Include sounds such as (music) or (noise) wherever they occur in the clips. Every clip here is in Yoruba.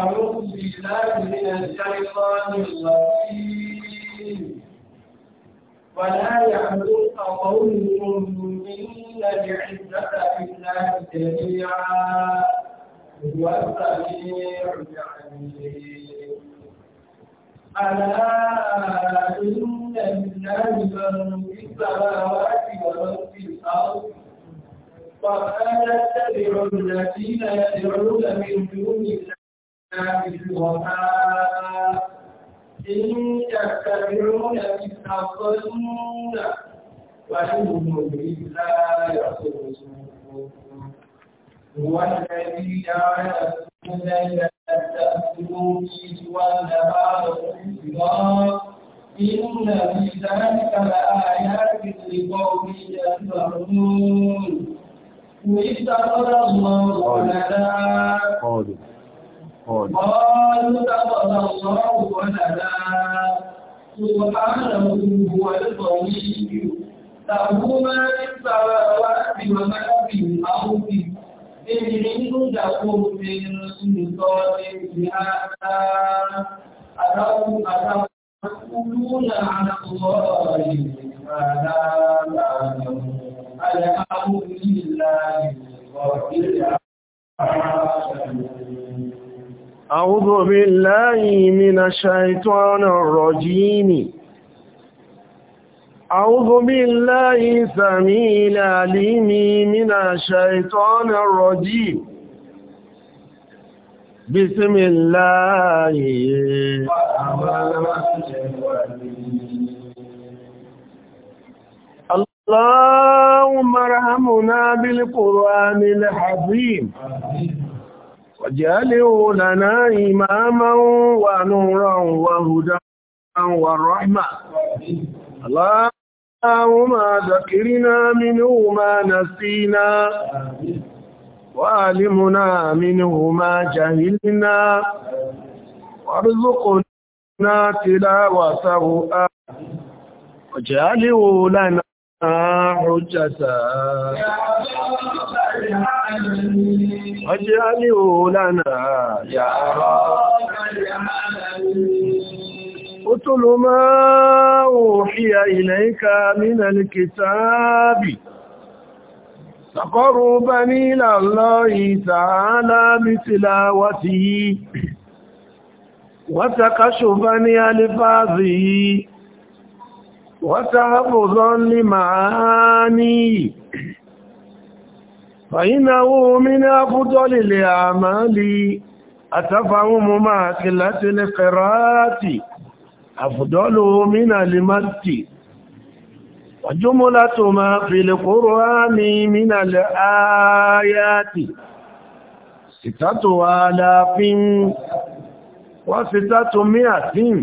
أعوذ بالله من الشيطان الرجيم ولا يعلق قولهم إن العزة بالله جميعا هو السميع العليم ألا إن لله من في السماوات ومن في الأرض وما نتبع الذين يدعون من دون الله شركاء إن تتبعون إلا الظن وإنهم إلا يخرجون هو الذي جعل الليل تأكلوا فيه والنهار مبصرا إن في ذلك لآيات لقوم يسمعون اتخذ الله ولدا قالوا قالوا اتخذ الله ولدا سبحانه هو القوي له ما في السماوات وما في الارض إن عندكم من سلطان بهذا أتقوا أتقولون على الله ما لا تعلمون أعوذ بالله من الشيطان الرجيم أعوذ بالله سميع العليم من الشيطان الرجيم بسم الله الرحمن الرحيم ala ahụ na-adịlịkwu ma ụwa n'ụwa laụra i ụrụaịla layị a aahụ warụụauaraa laụ a dakrị a ịụ a a lia ụja rtiaaaa حجسا اجعله لنا يا اتل ما اوحي اليك من الكتاب تقربا الى الله تعالى بتلاوته وتكشفا الفاظه وتحفظا لمعاني فإنه من أفضل الأعمال أتفهم مع قلة القراءة أفضله من المت وجملة ما في القرآن من الآيات ستة آلاف وستة مئة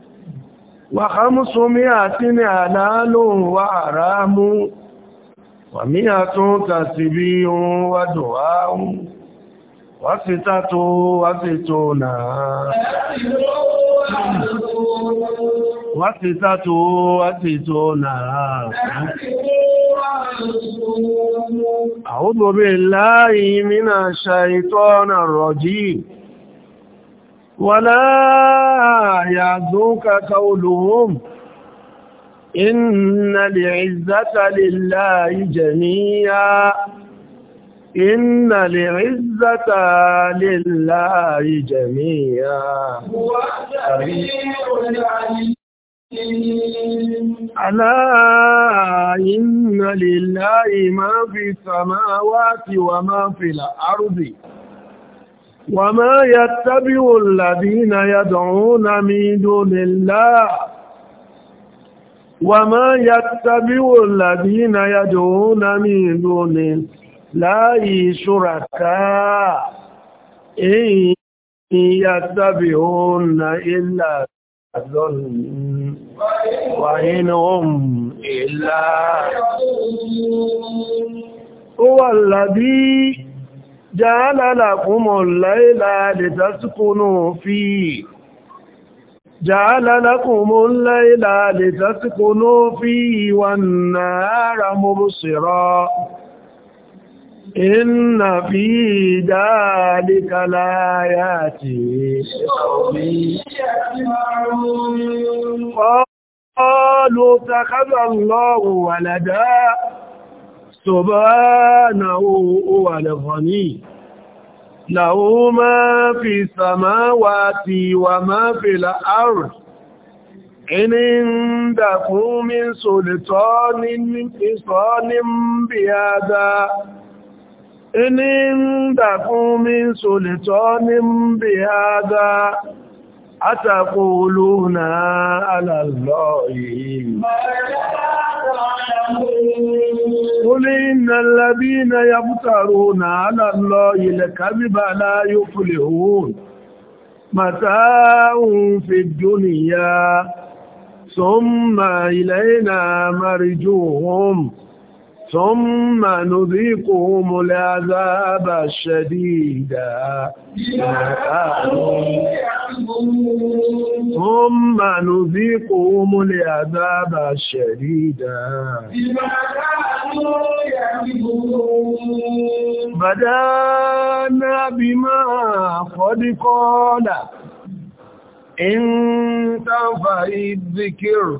wà kámúsùn mí àti ní àlàálòun wà àrámú wà mí àtún kàsì bí ohun wà dùwá ohun wà sí tàtò wà sí tó náà wà sí tàtò wà sí tó náà أعوذ بالله من الشيطان الرجيم ولا يعزوك قولهم إن العزة لله جميعا إن العزة لله جميعا هو ألا إن لله ما في السماوات وما في الأرض وَمَا يَتَّبِعُ الذين يدعون من دون الله وَمَا يَتَّبِعُ الذين يدعون من دون الله شركاء إن يتبعون إلا الظلم وإن هم إلا هو الذي جعل لكم الليل لتسكنوا فيه جعل لكم الليل لتسكنوا فيه والنهار مبصرا إن في ذلك لآيات قالوا اتخذ الله ولدا سبحانه هو الغني له ما في السماوات وما في الأرض إن عندكم من سلطان انفصال بهذا إن عندكم من سلطان بهذا Àtàkùlúnà alàlọ́ yìí. Kúlé iná lábí na ya bútàrò na alàlọ́ ilẹ̀ kábíbà láyé fúlè òun. Màtà ń fi dúnìyà, sọ́mà ilẹ̀ iná márìjú òun. ثم نذيقهم العذاب الشديد ثم نذيقهم العذاب الشديد بدانا بما قد قال إن تنفع الذكر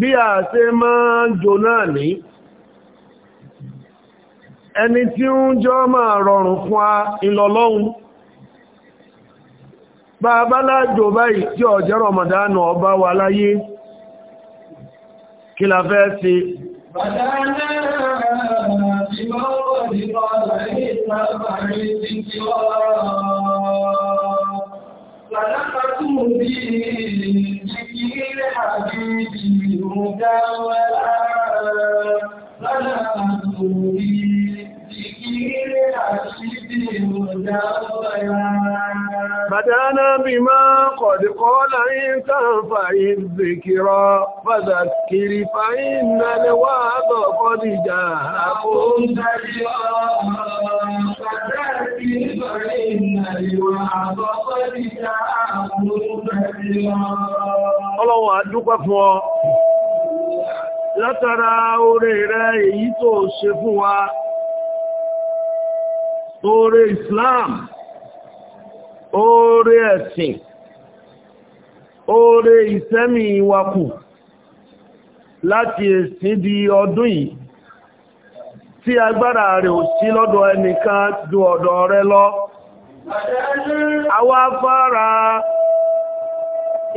bí a ṣe máa ń jò náà ní ẹni tí ń jọ máa rọrùn fún a ìlọ́lọ́hun bá a bá lájò báyìí tí ọ̀jẹ́ rọmọdánù ọba wà láyé kí la fẹ́ sí فلقد به ذكر حبيبي ma adanamimdaị te kiriyị e wdaụ ụlọwụ dịkapụ látara orí rẹ èyí tó ṣe fún wa oore Islam oore ẹ̀sìn oore ìsẹ́mì ìwakù láti èsì di ọdún yìí tí agbára rẹ̀ ò sí lọ́dọ̀ ẹnìkan ju ọ̀dọ̀ rẹ lọ àwa fara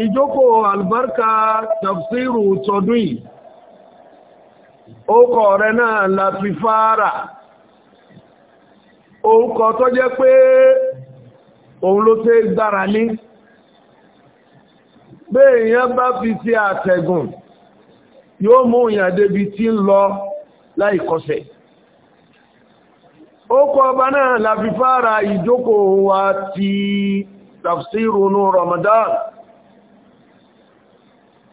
ìjókòó albarka tafsiru tọdún yìí ókọ̀ rẹ náà Latifara orúkọ tó jẹ́ pé òun ló tẹ́ dára ní bí èèyàn bá fi ti àtẹ̀gùn yóò mú èèyàn débi tí ń lọ láìkọsẹ̀ ó kọ ọba náà Latifara ìjókòó wa ti tafsirunu Ramadan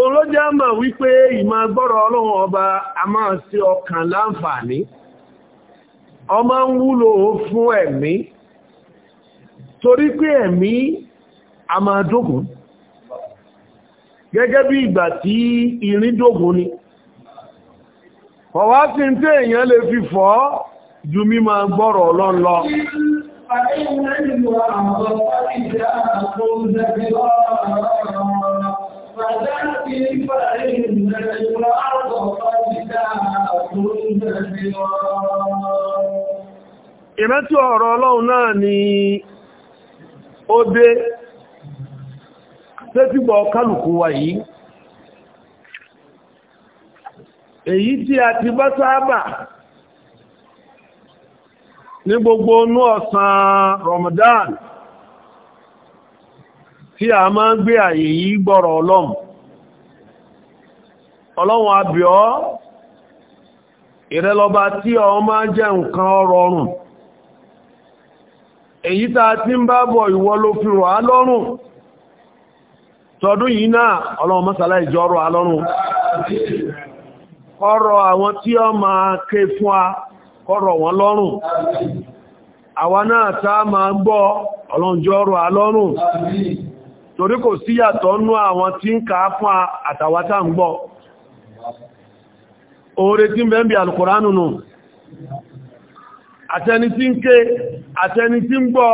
olójá mà wípé ìmọ̀ gbọ́rọ̀ ọlọ́run ọba a máa sí ọkàn láǹfààní ọmọ ń wúlò fún ẹ̀mí torí pé ẹ̀mí a máa dógùn gẹ́gẹ́ bí ìgbà tí irin dógùn ni ọ̀wá sí tí èèyàn lè fi fọ́ ju gbọ́rọ̀ ọlọ́run وأذان في ọ̀rọ̀ Ọlọ́run náà ni ó dé tẹ́tìgbọ̀ kálùkù wa yìí. Èyí tí a ti bá sáábà ní gbogbo ní ọ̀sán Ramadan tí a máa ń gbé àyè yìí gbọ́rọ̀ Ọlọ́run. ọlọ́run abíọ́ ìrẹlọba tí ọ máa jẹ́ nǹkan ọrọ̀rùn èyí tá a ti ń bá bọ̀ ìwọ ló fi rọ̀ á lọ́rùn tọdún yìí náà ọlọ́run mọ́sàlá ìjọrọ̀ á lọ́rùn kọ́rọ̀ àwọn tí ọ máa ké fún wa kọ́rọ̀ wọn lọ́rùn àwa náà ta a máa gbọ́ ọlọ́run jọrọ̀ á lọ́rùn torí kò síyàtọ̀ nú àwọn tí ń kàá fún àtàwátà ń gbọ́ oore tí ń bẹ ń bí alukùránù nù àtẹni tí ń ké àtẹni tí ń gbọ́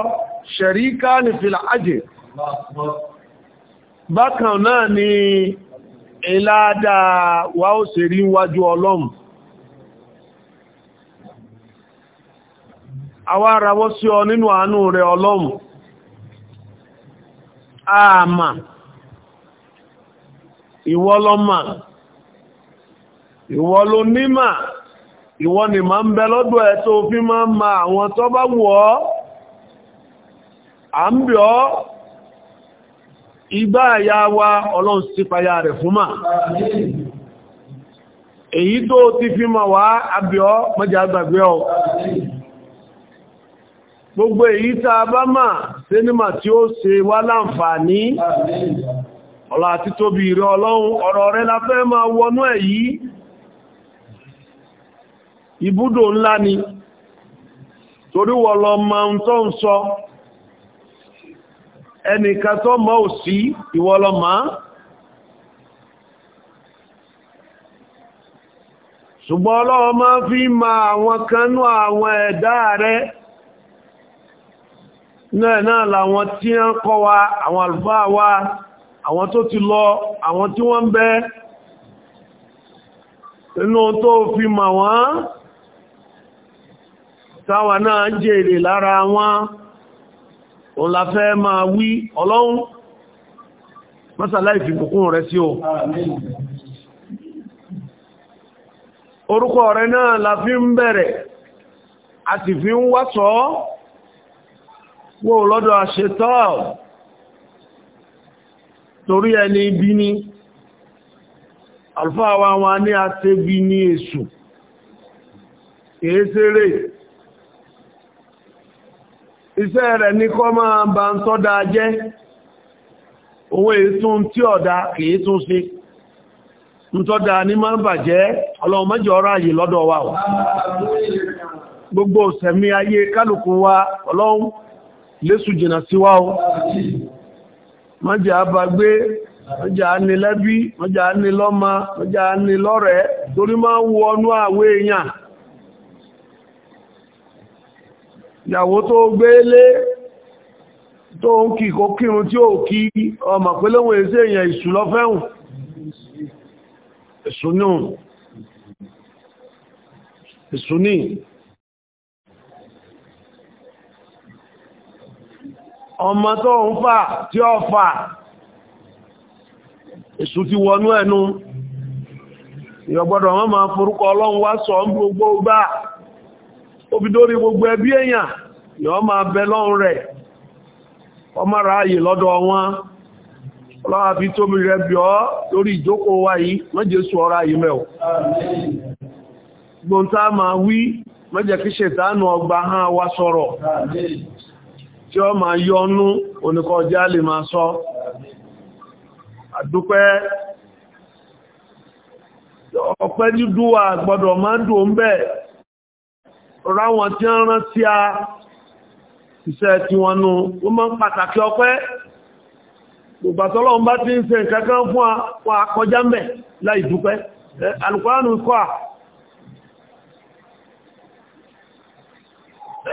ṣẹ̀ríká ní fìlà ajé bákan náà ni ìlàádà wà ó sì rí wájú ọlọ́run àwa arawọ́ sí ọ nínú àánú rẹ ọlọ́run àmà ìwọ́lọ́mà ìwọ ló nímà ìwọ ni máa ń bẹ lọ́dọ̀ ẹ tó fi máa ń ma àwọn tó bá wù ọ́ à ń bì ọ́ igbá àyà wa ọlọ́run sí payá rẹ̀ fún mà èyí tó ti fi ma wá àbì ọ́ mọ́jà gbàgbé ọ́ gbogbo èyí tá a bá mà sinima tí ó ṣe wá láǹfààní ọ̀la àti tóbi ìrẹ́ ọlọ́run ọ̀rọ̀ rẹ̀ la fẹ́ máa wọnú èyí ibùdó ńlá ni torí wọ́n lọ ma ń tó ń sọ ẹnìkan tó mọ́ ò sí ìwọ́lọ́mà ṣùgbọ́n ọlọ́wọ́ máa fi ma àwọn kanú àwọn ẹ̀dá rẹ̀ náà náà làwọn tí ń kọ́ wa àwọn àlùfáà wa àwọn tó ti lọ àwọn tí wọ́n ń bẹ inú tó fi ma wọ́n táwa náà ń jèrè lára wọn òun la fẹ́ máa wí ọlọ́run mọ́sàlá ìfìkùnkùn rẹ̀ sí o orúkọ rẹ̀ náà la fi ń bẹ̀rẹ̀ a sì fi ń wásọ́ wó lọ́dọ̀ àṣetọ́ torí ẹni ibi ni alfáà wa wọn ní àṣẹ́bí ní èṣù kìí sẹ́rẹ̀ iṣẹ́ rẹ̀ ní kọ́ máa bá ń tọ́dá jẹ́ owó ìtún tí ọ̀dá kìí tún sí ń tọ́dá ní máa ń bàjẹ́ ọlọ́run mẹ́jọ ọ̀rọ̀ àyè lọ́dọ̀ wa gbogbo sẹ̀mí ayé kálùkù wa ọlọ́run lésù jìnà sí wa ọ́ àbàgbé mọ́jà ní lẹ́bí torí máa ń èèyàn ìyàwó tó gbélé tó ń kì kó kírun tí ó kí ọmọ pé lóhun èsè èèyàn ìṣù lọ fẹ́hùn ìṣù ní ọmọ tó ń fà tí ó fà èṣù ti wọnú ẹnu ìyọ̀gbọ́dọ̀ wọn máa forúkọ ọlọ́run wá sọ ń gbogbo gbáà obìdórí gbogbo ẹbí èèyàn yọ máa bẹ lọ́run rẹ̀ ọmọrà ayè lọ́dọ̀ wọn ọlọ́wà fi tóbi rẹ̀ bí ọ́ lórí ìjókòó wa yìí mọ́jẹ̀sù ayé ààyè mẹ́ọ̀ gbọ́ntá máa wí mọ́jẹ̀ kí ṣètánù ọgbà hàn wá sọ̀rọ̀ tí ọ máa lè máa sọ àdúpẹ́ ọ̀pẹ́ dídúwà gbọ́dọ̀ máa ń ráwọn tí ń rán sí a iṣẹ́ tí wọ́n nú wọ́n máa pàtàkì ọpẹ́ gbogbo bá ti ń ṣe nǹkankan fún àwọn akọjá mẹ́ láì dúpẹ́ alùkọ́ránù kọ́ à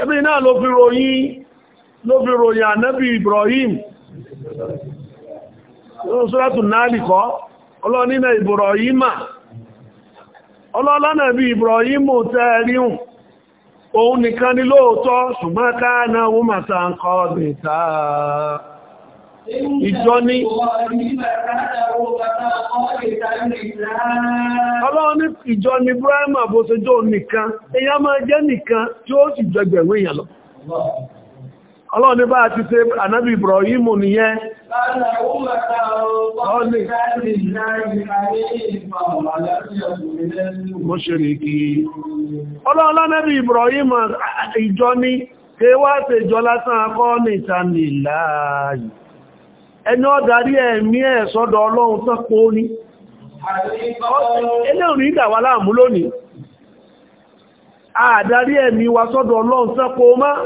ẹbí náà ló fi ròyìn ló fi ròyìn ànábì Ibrahim Sùrátù bí Ibrahim òun nìkan ni lóòótọ́ ṣùgbọ́n káàná wọ́n máa sa ń kọ́ bèta ìjọ ní ọlọ́run ní ìjọ ní Ibrahim àbòsẹjọ́ nìkan èyàn máa jẹ́ nìkan tí ó sì jẹgbẹ̀rún èèyàn lọ ọlọ́run ní bá ti ṣe ànábì Ibrahim nìyẹn mo ṣe rí kí ọlọ́run lánàbì Ibrahim ìjọ ní ṣe wá ṣe ìjọ lásán akọ́ ní ìtànìláàyì ẹni ọ̀darí ẹ̀mí ẹ̀ sọ́dọ̀ ọlọ́run tán kó ní ẹlẹ́ òní ìdàwà láàmú lónìí àdarí ẹ̀mí wa sọ́dọ̀ ọlọ́run tán kó máa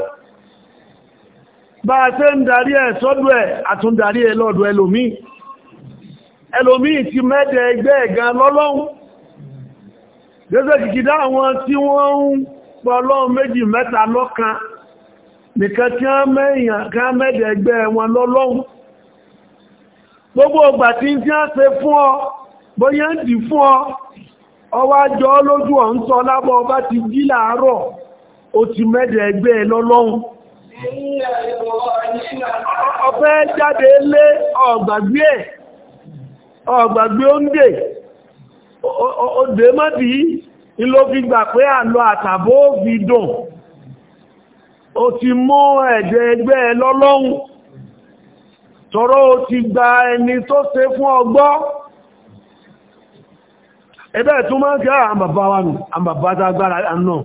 bá a ṣe ń darí ẹ̀ sọ́dọ̀ ẹ̀ àtúndarí ẹ lọ́dọ̀ ẹlòmí ẹlòmí ti mẹ́dẹ̀ ẹgbẹ́ ẹ̀gan lọ́lọ́un gẹ́gẹ́ kìkìdá àwọn tí wọ́n ń pọ̀ lọ́un méjì mẹ́ta lọ́kan nìkan tí wọ́n mẹ́dẹ̀ ẹgbẹ́ wọn lọ́lọ́un gbogbo ọgbà tí ń tí wọ́n ṣe fún ọ bóyá ń dì fún ọ ọwá jọ lójú ọ̀ ń sọ lábọ́ ọba ti jí láàárọ̀ ó ti mẹ́dẹ̀ ẹgbẹ́ lọ́lọ́un ọ̀fẹ́ jáde lé ọ̀gbàgbé ẹ̀ ọ̀gbàgbé ó ń dè ó dè mọ́dí ìlò fi gbà pé àlọ àtàbó fi dùn ó ti mú ẹ̀jẹ̀ ẹgbẹ́ ẹ lọ́lọ́hun tọ́rọ ó ti gba ẹni tó ṣe fún ọgbọ́ ẹbẹ́ tó máa ń kí àmàbá wa nù àmàbá tágbára náà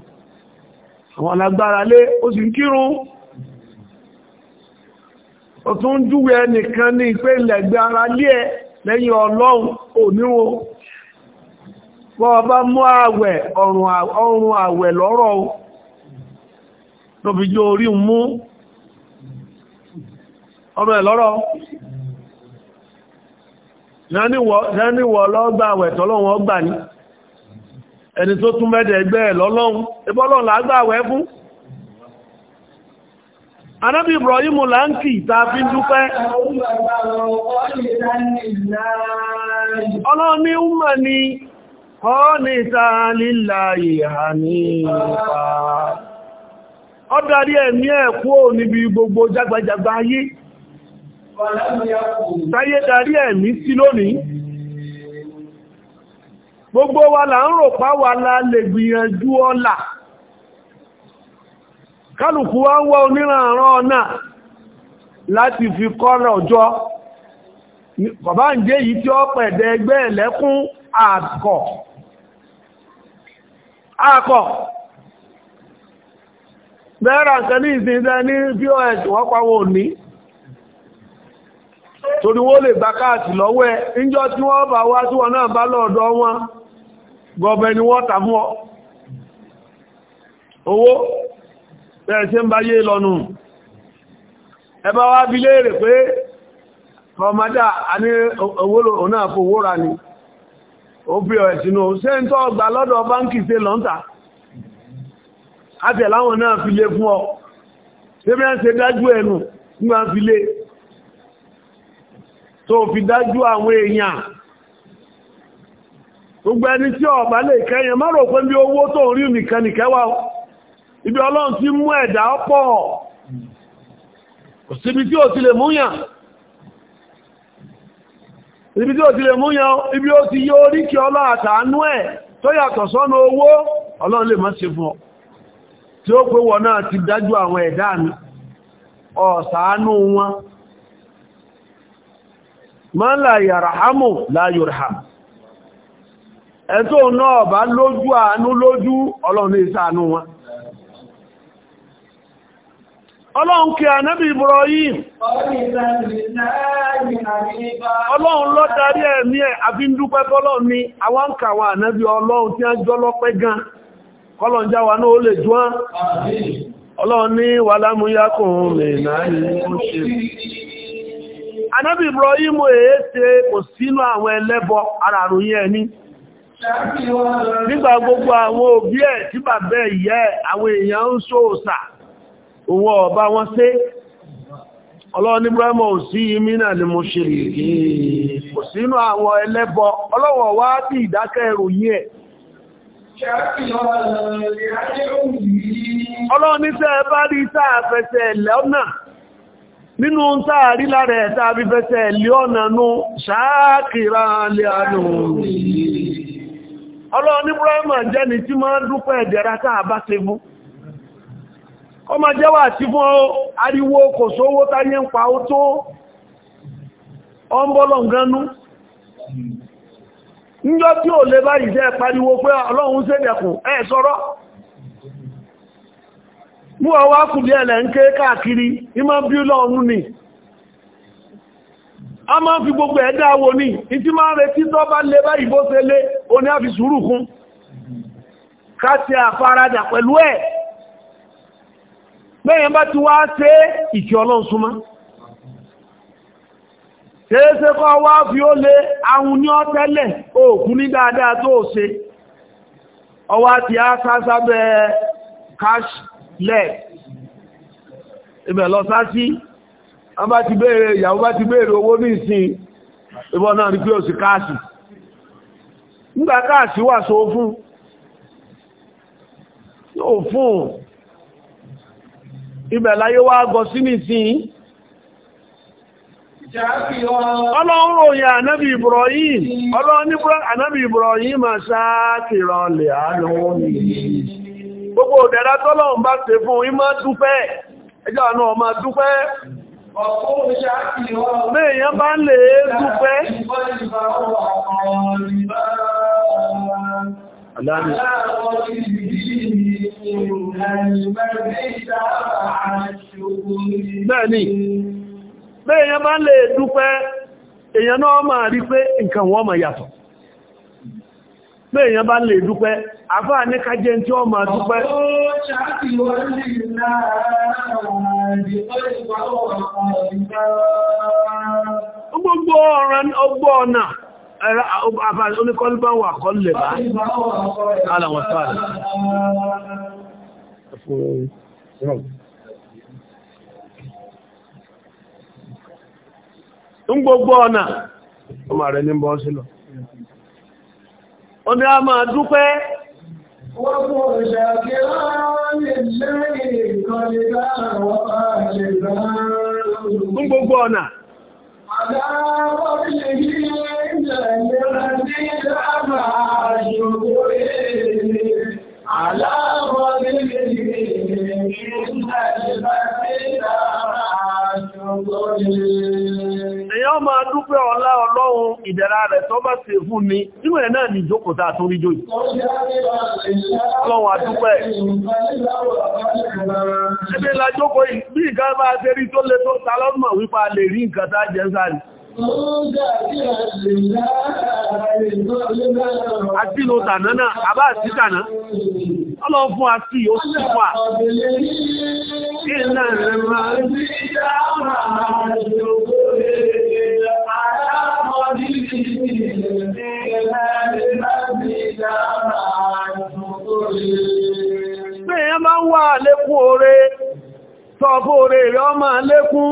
àwọn alágbára lé ó sì ń kírun ó tún júwe ẹnìkan ní pé ilẹ̀gbẹ̀ ara lé ẹ lẹ́yìn ọlọ́run òníwo bọ́ bá mú ààwẹ̀ ọrùn àwẹ̀ lọ́rọ̀ o lóbijó orí mú ọrùn ẹ̀ lọ́rọ̀ ìráníwọ̀ lọ́gbà àwẹ̀ ní ẹni tó tún ẹ̀ lọ́lọ́run anábì Ibrahim láńkì ìta fi ń dúpẹ́ ọlọ́run ní ọmọ ni ọ́nà ìta lílà ìhà ní ìpa ọ darí ẹ̀mí ẹ̀kú ò níbi gbogbo jágbàjàgbà ayé táyé darí ẹ̀mí sí lónìí gbogbo wa là ń rò pá wa la lè gbìyànjú ọlà kálùkù wá ń wá oníranran ọ̀nà láti fi kọ́rọ̀ ọjọ́ bàbá ń jẹ́ yìí tí ó pẹ̀dẹ̀ ẹgbẹ́ ẹ̀lẹ́kún àkọ́ àkọ́ bẹ́ẹ̀rẹ̀ nǹkan ní ìsinjẹ́ ní pos wọ́n pàwọ́ òní torí wó lè bá káàtì lọ́wọ́ níjọ́ tí wọ́n bá wá tí wọ́n náà bá lọ́ọ̀dọ́ wọn gọbẹ̀ ni wọ́n tàbí owó bẹ́ẹ̀ ń bá yé lọ́nu ẹbá wá bí léèrè pé fọmọdá àní owóró ọ̀nà àfowó ra ni ó bí ọ̀ ẹ̀sìnú ṣe ń tọ́ ọgbà lọ́dọ̀ báńkì ṣe lọ́ntà àtẹ̀ láwọn náà fi lé fún ọ ṣe bí ṣe dájú ẹnu nígbà fi lé ibi ọlọ́run ti mú ẹ̀dà ọpọ̀, kò síbi tí ó ti lè múyàn ibi tí ó ti lè múyàn ibi ó ti yóò rí kí ọlọ́ àtàánú ẹ̀ tó yàtọ̀ sọ́nà owó ọlọ́run lè má ṣe fún ọ tí ó pé wọ náà ti dájú àwọn ẹ̀dá mi ọ̀sàánú wọn ma ń láyà rahamu ẹ̀tọ́ náà bá lójú àánú lójú ọlọ́run ní ìsàánú wọn ọlọ́run kí ànábì yìí ọlọ́run lọ darí ẹ̀mí ẹ̀ àfi ń ni àwọn ń kàwà ọlọ́run tí a jọ lọ́pẹ́ gan kọlọ̀n jáwà náà lè jùá ọlọ́run ní wà nígbà gbogbo àwọn òbí ẹ̀ tí ìyẹ́ àwọn èèyàn ń owó ọba wọn sé ọlọ́wọ́ ní brahma ò sí imí náà ni mo ṣe rí kò àwọn ẹlẹ́bọ ọlọ́wọ́ wá bí ìdákẹ́ ìròyìn ẹ̀ ọlọ́wọ́ ní bá rí táà fẹsẹ̀ lọ́nà nínú táàrí lára ẹ̀ tàbí fẹsẹ̀ ọ̀nà nú ṣáàkìrá lẹ́ànù brahma ọmọ jẹ́wà tí fún ariwo kò sówó táyé ń pa ó tó ọmọbọ́lọ̀ gánú níjọ́ tí ò lè báyìí jẹ́ pariwo pé ọlọ́run sẹ́dẹ̀kùn ẹ̀ sọ̀rọ̀ mú ọwá kùdí ẹ̀lẹ̀ ń ké káàkiri ìmọ̀ bí lọ́ọ̀nù ni a máa fi gbogbo ẹ̀dá wo ní ìtí máa retí tó bá lè báyìí bó ṣe lé o ní kún ká àfaradà pẹ̀lú ẹ̀ bẹ́yẹn bá ti wá ṣe ìkẹ́ ọlọ́run súnmọ́ fi ó le ahun ní ọ́tẹ́lẹ̀ òkú ní dáadáa tó ṣe ọwá ti á sásábẹ́ cashless ibẹ̀ lọ sásí bá ti bèèrè ìyàwó bá ti bèèrè owó ní ìsìn ìbọn náà rí pé ò sí káàsì ibẹ̀ láyé wá gọ sí nìsìn ọlọ́run òyìn ànábì Ibrahim ọlọ́run ní ànábì Ibrahim ma ṣáàkìrọ lè àánúwò ní gbogbo òdẹ̀dá tọ́lọ́run bá ṣe fún ìmá dúpẹ́ ẹjọ́ àánú ọmọ dúpẹ́ mẹ́yàn bá ń lè dúpẹ́ láàrin bẹ́ẹ̀ni bẹ́ èyàn bá lè dúpẹ́ èyàn náà máa rí pé nǹkan wọ́n máa yàtọ̀ pé èyàn bá lè dúpẹ́ àfáà ní tí ó máa dúpẹ́ ọ̀nà oníkọ́lùbá wà kọ́lẹ̀ bá aláwọ̀ sáà ń gbogbo ọ̀nà ọmọ rẹ̀ ní bọ́ sílọ ó ní a máa dúpẹ́ wọ́n kò ṣàkíyà lè lẹ́yìn ìkọlẹ̀dá àwọn àṣẹ̀dá ń gbogbo ọ̀nà Àdá wọ́n lè yí Èyàn máa dúpẹ́ ọlá Ọlọ́run ìdẹ̀ra rẹ̀ tó bá ṣe fún mi, nínú ẹ̀ náà ni ìjókòtà tó rí jòyì. Ọlọ́run àdúpẹ́. Ẹgbẹ́ ìlàjókòó bí ìgbà bá ṣe rí tó lé tó ta wípa lè rí nǹkan tá jẹ́ sáàrì. Àti ìlò tànà náà, àbá àti tànà, ọlọ́run fún àti ó sì wà. à. rẹ̀ máa ń bí dáàmà àti òkú rẹ̀ àyàmọ́dí sí ìrìnlẹ̀ rẹ̀ máa bí dáàmà rẹ̀. máa ń wà lékún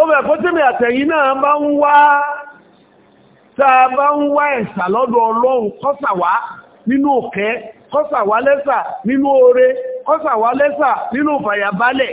ó bẹ̀rẹ̀ kó tí mi àtẹ̀yìn náà bá ń wá tàà bá ń wá ẹ̀sà lọ́dọ̀ ọlọ́run kọ́sàwá nínú òkẹ́ kọ́sàwá lẹ́sà nínú oore kọ́sàwá lẹ́sà nínú fàyàbálẹ̀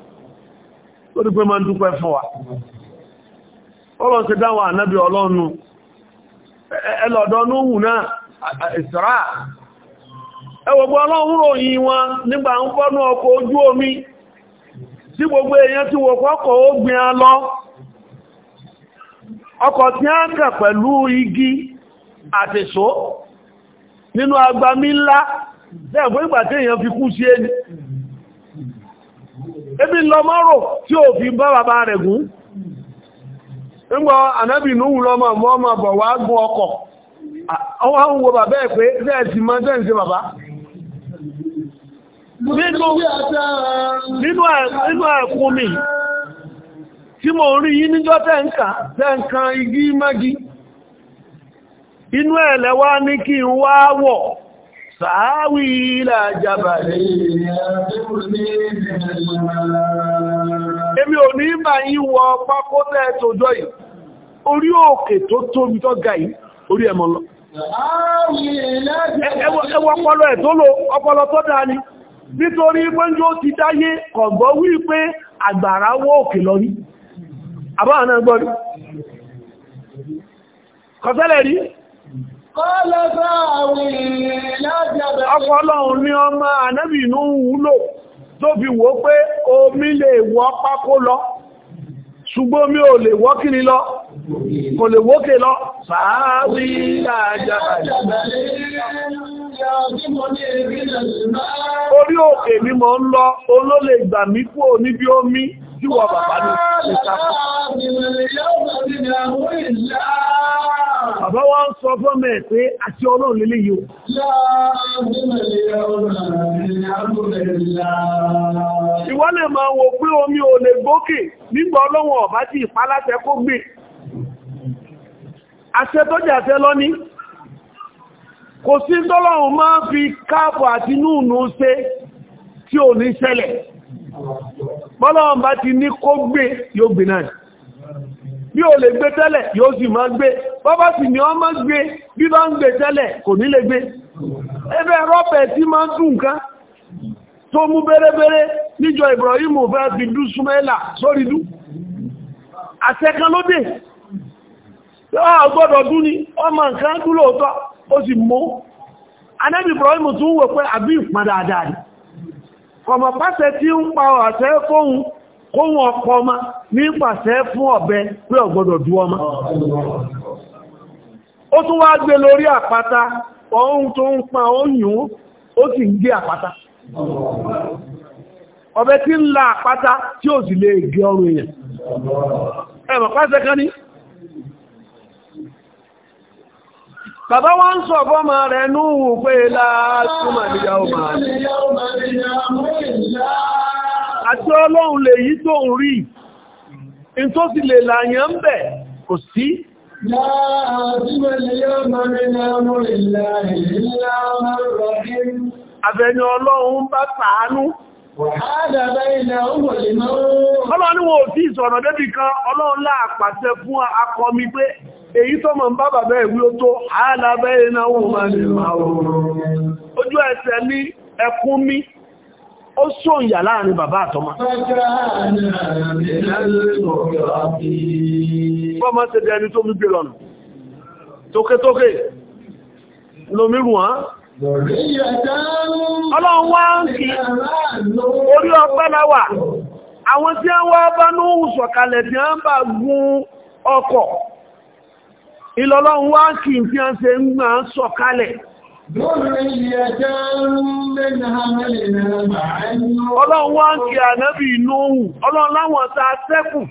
tó dípé máa ń dúpẹ́ fún wa ọlọ́run ti dáwọn ànábì ọlọ́nu ẹlọ́dọ́ núhù náà ìsìrá ẹwọ̀gbọ́ ọlọ́run ròyìn wọn nígbà ń ojú omi tí gbogbo èèyàn ti wò kọ́kọ̀ ó gbìn lọ ọkọ̀ tí igi nínú ńlá ìgbà tí èèyàn ebi lọ mọ́rò tí ò fi bá bàbá rẹ̀ gún ńgbọ́ ànábì ní wùlọ ma mọ́ ma bọ̀ wá gún ọkọ̀ ọwọ́ ń wo bàbá ẹ̀ pé rẹ̀ẹ̀sì ma jẹ́ǹsẹ̀ bàbá nínú ẹ̀kún mi tí mo rí yí níjọ́ tẹ́ǹkà tẹ́ǹkan igi magi inú ẹ̀lẹ́wà ní kí n wá wọ̀ sàáwì ilá jàbàlẹ̀ èmi ò ní bà yí wọ pákótẹ́ tòjọ́ yìí orí òkè tó tóbi tó ga yìí orí ẹmọ lọ ẹwọ ọpọlọ ẹ̀ tó lò ọpọlọ tó dáa ni nítorí pẹ́njú ti dáyé kọ̀gbọ́ wí pé àgbàrá wọ́ òkè lọ rí àbáhànà gbọ́rí kọ̀sẹ́lẹ̀ rí Ọkọ̀ ọlọ́run ní ọmọ ànábì inú wúlò tó fi wò pé omi lè wọ́ pákó lọ, ṣùgbọ́n omi ò lè wọ́ kíni lọ, kò lè wókè lọ, sàáwí àjàbàjá. Orí òkè mímọ̀ ń lọ, olólè ìgbà mí níbi omi díwọ̀ bàbá ní ìsàkó. Bàbá wọ́n sọ fún mẹ́ pé àti ọlọ́run lélé yìí. Ìwọ́n lè máa wò pé omi ò lè gbókè nígbà ọlọ́run ọ̀bá ti ìpálátẹ kó gbé. Àṣẹ tó jẹ́ àṣẹ lọ́ní. Kò sí tọ́lọ́run máa fi káàbọ̀ àti núùnú ṣe tí ò ní ṣẹlẹ̀. bọ́lọ́wọ́n bá ti ní kó gbé yóò gbé náà bí o lè gbé tẹ́lẹ̀ yóò sì máa gbé bọ́bá sì ni ọ gbé bí bá ń gbé tẹ́lẹ̀ kò ní lè gbé ẹgbẹ́ rọ́pẹ̀ tí máa ń dùn nǹkan tó mú bẹ́rẹ́bẹ́rẹ́ níjọ Ibrahim fẹ́ ọmọ pàṣẹ tí ń pa fóhun kóhun ọkọ ma ní pàṣẹ fún ọ̀bẹ pé ọ̀gbọ́dọ̀ du ọmọ ó tún wá gbé lórí àpáta tó ń pa oyún ó sì ń gbé àpáta ọ̀bẹ tí ń la àpáta tí ó sì lè gé ọrùn èèyàn àti ọlọ́run lè yí tó ń rí in tó sì lè làyàn ń bẹ̀ kò sí Àbẹ̀ni ọlọ́run bá pàánú. Ọlọ́run ni wọ́n tí ìsọ̀nà débì kan ọlọ́run láàpàṣẹ fún akọmi pé èyí tó mọ̀ ń bá bàbá ìwé ó tó àádàbẹ́ ìnáwó máa ní máa ní ẹkún mi, ó ṣòyà láàrin bàbá àtọmọ fọ́mọ́ ti dẹni tó gbígbé lọ́nà tókètókè lomírùn án ọlọ́run wá ń kí orí ọpẹ́ láwà àwọn tí wọ́n wá bá ní òṣọ̀kalẹ̀ tí wọ́n bá gún ọkọ̀ ìlọ́lọ́run wá ń kí Ọlọ́run wá ń kí ànábì inú ohun, ọlọ́run láwọn ta sẹ́kù,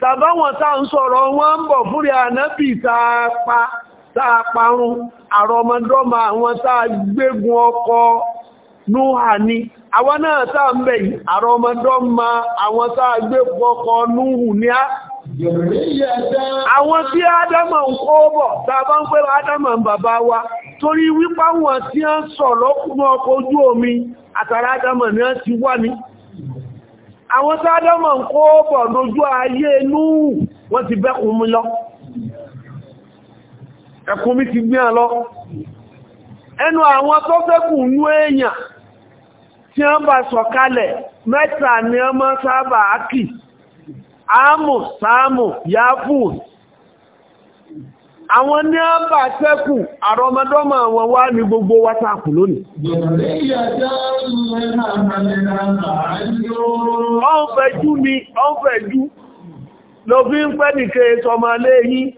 tàbáwọn ta ń sọ̀rọ̀ wọ́n ń bọ̀ fúrí ànábì taa parun, àrọmọdọ́mà àwọn ta gbégun ọkọ núhà Àwọn náà ta ń àrọmọdọ́mà àwọn ta gbégun ọkọ núhù Àwọn tí Ádámà ń kó bọ̀, tàbá ń pẹ́lú Ádámà ń bàbá wa, torí wípá wọn tí a ń sọ lọ́kùnmọ́ ọkọ̀ ojú omi àtàrà Ádámà ni a ti wà ní. Àwọn tí Ádámà ń kó bọ̀ lójú ayé inú wọ́n ti bẹ́kùn mi lọ. Ẹkùn mi ti gbé à lọ. Ẹnu àwọn tó fẹ́kùn nú èèyàn tí wọ́n bá sọ̀kalẹ̀ mẹ́ta ni wọ́n máa sábà ámù sáàmù yáfù àwọn ní a bá tẹ́kù àrọmọdọ́mọ àwọn wá ní gbogbo wátàkù lónìí ọ̀fẹ́jú ń pẹ́ nìkẹ́ na léyìn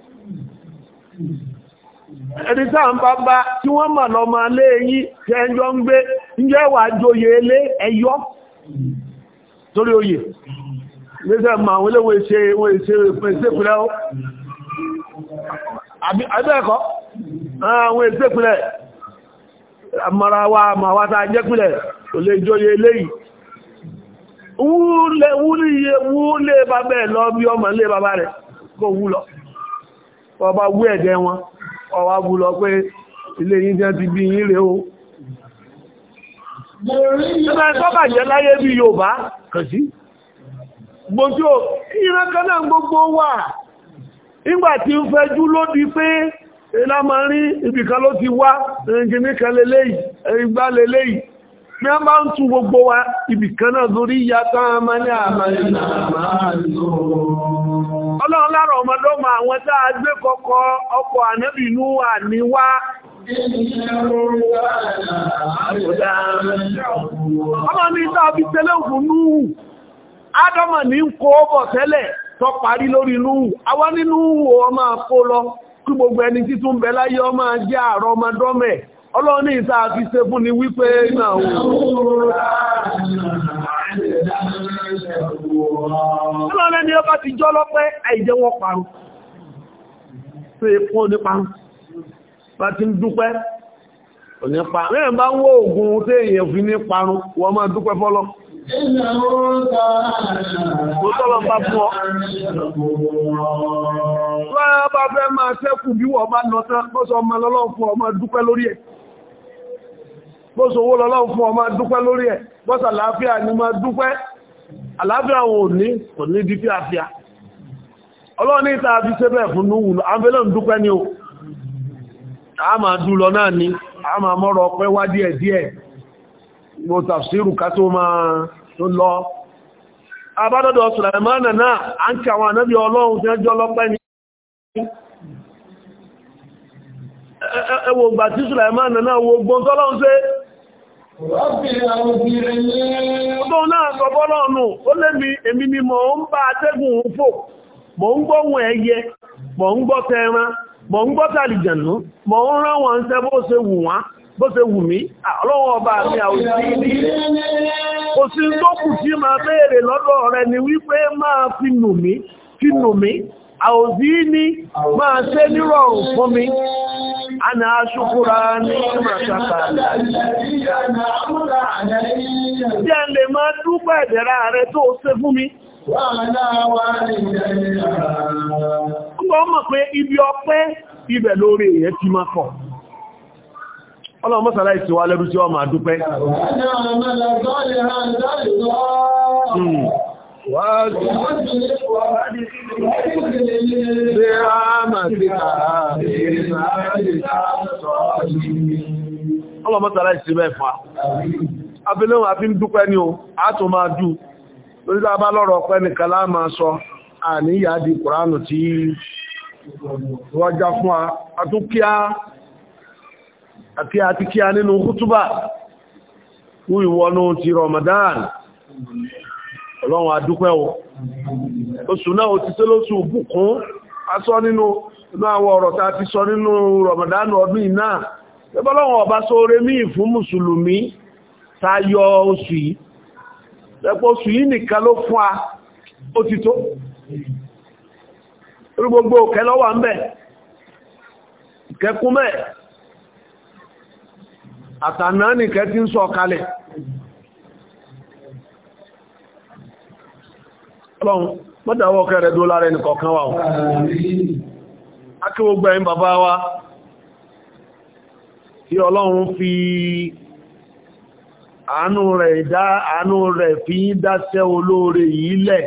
ẹni sáà ń bá bá tí wọ́n mọ̀ lọ́mọ léyìn tẹ́jọ ń gbé lẹ́sẹ̀ ma àwọn olówó ìṣe ìwọ̀n ìṣe ìpínlẹ̀ ó àbẹ́ẹ̀kọ́ ah, àwọn ìṣe ìpínlẹ̀ àmàrà wa màwátà jẹ́pínlẹ̀ ò lè jọye eléyìí wúlé bàbẹ́ lọ bí ọmọ lé bàbá rẹ̀ kó wúlọ ọba wú ẹ̀dẹ́ wọn ọwá wúlọ pé ilé yìí jẹ́ ti bí yìí rẹ̀ o Ìgbẹ̀rẹ̀ tó bàjẹ́ láyé bí Yorùbá kàn sí gbójú ìrẹ́kanáà gbogbo wà nígbàtí ń fẹjú ló di pé iná rí ibìkan ló ti wá ìrìnkìníkan lélẹ́yìí ìgbà lélẹ́yìí ní a bá ń tún gbogbo wa ibìkan náà lórí yàtọ̀ amáni àmàlì ọlọ́run ọmọ ní tàbí tẹ́lẹ̀ òfin núhù ádámà ní ń kó ọbọ̀ tẹ́lẹ̀ tó parí lórí núhù àwa nínú wò máa kó lọ kí gbogbo ẹni títún bẹ láyé ó máa jẹ́ àrọ ọmọdọ́mẹ̀ ọlọ́ní ìta àfi ṣe fún ni wípé náà ọlọ́lẹ́ni ọba ti jọ́ lọ́pẹ́ àìjẹ́ wọn parun tó Òtọ́lọ̀ bá ọ. Wọ́n bá fẹ́ máa sẹ́kù bí wọ́n bá lọ tán, bó sọ ọmọ lọ́lọ́run fún ọmọ dúpẹ́ lórí ẹ̀. Bó sọ owó lọ́lọ́run fún ọmọ dúpẹ́ lórí ẹ̀, bó sọ àlàáfíà ni máa dúpẹ́. Àlàáfíà wọn ò di fi ṣe fún Núhùn, àbẹ́lẹ̀ ni o. A máa dú lọ náà ni, a máa mọ́rọ̀ ọpẹ́ wá díẹ̀díẹ̀. mo Tafsiru ká tó máa tó lọ abádọ́dọ̀ náà a ń kí àwọn ànábí ọlọ́run tí ó jọ lọ́pẹ́ ní ẹwọ ìgbà tí na náà wo gbọ́n tọ́lọ́run sí ọdún náà sọ bọ́lọ́run ó lé mi èmi ni ń bá bó ṣe wù mí ọlọ́wọ́ ọba mi àwòsí ní kò sí tó kù tí máa béèrè lọ́dọ̀ rẹ ni wípé máa fi nù mí fi nù mí àwòsí ní máa ṣe nírọ̀rùn fún mi ana aṣúkúra ní ìmọ̀ṣàkà jẹ́ lè máa dúpẹ́ ìdẹ̀ra rẹ tó ṣe fún mi Wọ́n mọ̀ pé ibi ọpẹ́ ibẹ̀ lórí èyẹ ti máa kọ̀. ọlọ́run mọ́sàlá ìsìnwà lẹ́rú tí ọ máa dúpẹ́ ọlọ́run mọ́sàlá ìsìnwà ẹ̀fà abinúwà fi ń dúpẹ́ ní o a tó máa dù lórí lábá lọ́rọ̀ ọ̀pẹ́ nìkan láà sọ àníyàá di kùránù tí wọ́n já fún a àti àti kí a nínú kútúbà fún ti Ramadan ọlọ́run adúpẹ́ oṣù náà o ti tẹ́ lóṣù bùkún a sọ nínú inú àwọn ọ̀rọ̀ ta ti sọ nínú Ramadan ọdún iná ẹgbọ́lọ́wọ̀n ọba sóore mí fún ta yọ oṣù yìí oṣù yìí nìkan ló fún a ó ti gbogbo ń bẹ̀ àtànà nìkẹ́ tí ń sọ kalẹ̀ ọlọ́run mọ́dàwọ́ kẹrẹ dó lára ẹni kọ̀ọ̀kan wà akíwògbà ẹ̀yìn bàbá wa tí ọlọ́run fi àánú rẹ̀ dá àánú rẹ̀ fi ń dáṣẹ́ olóore yìí lẹ̀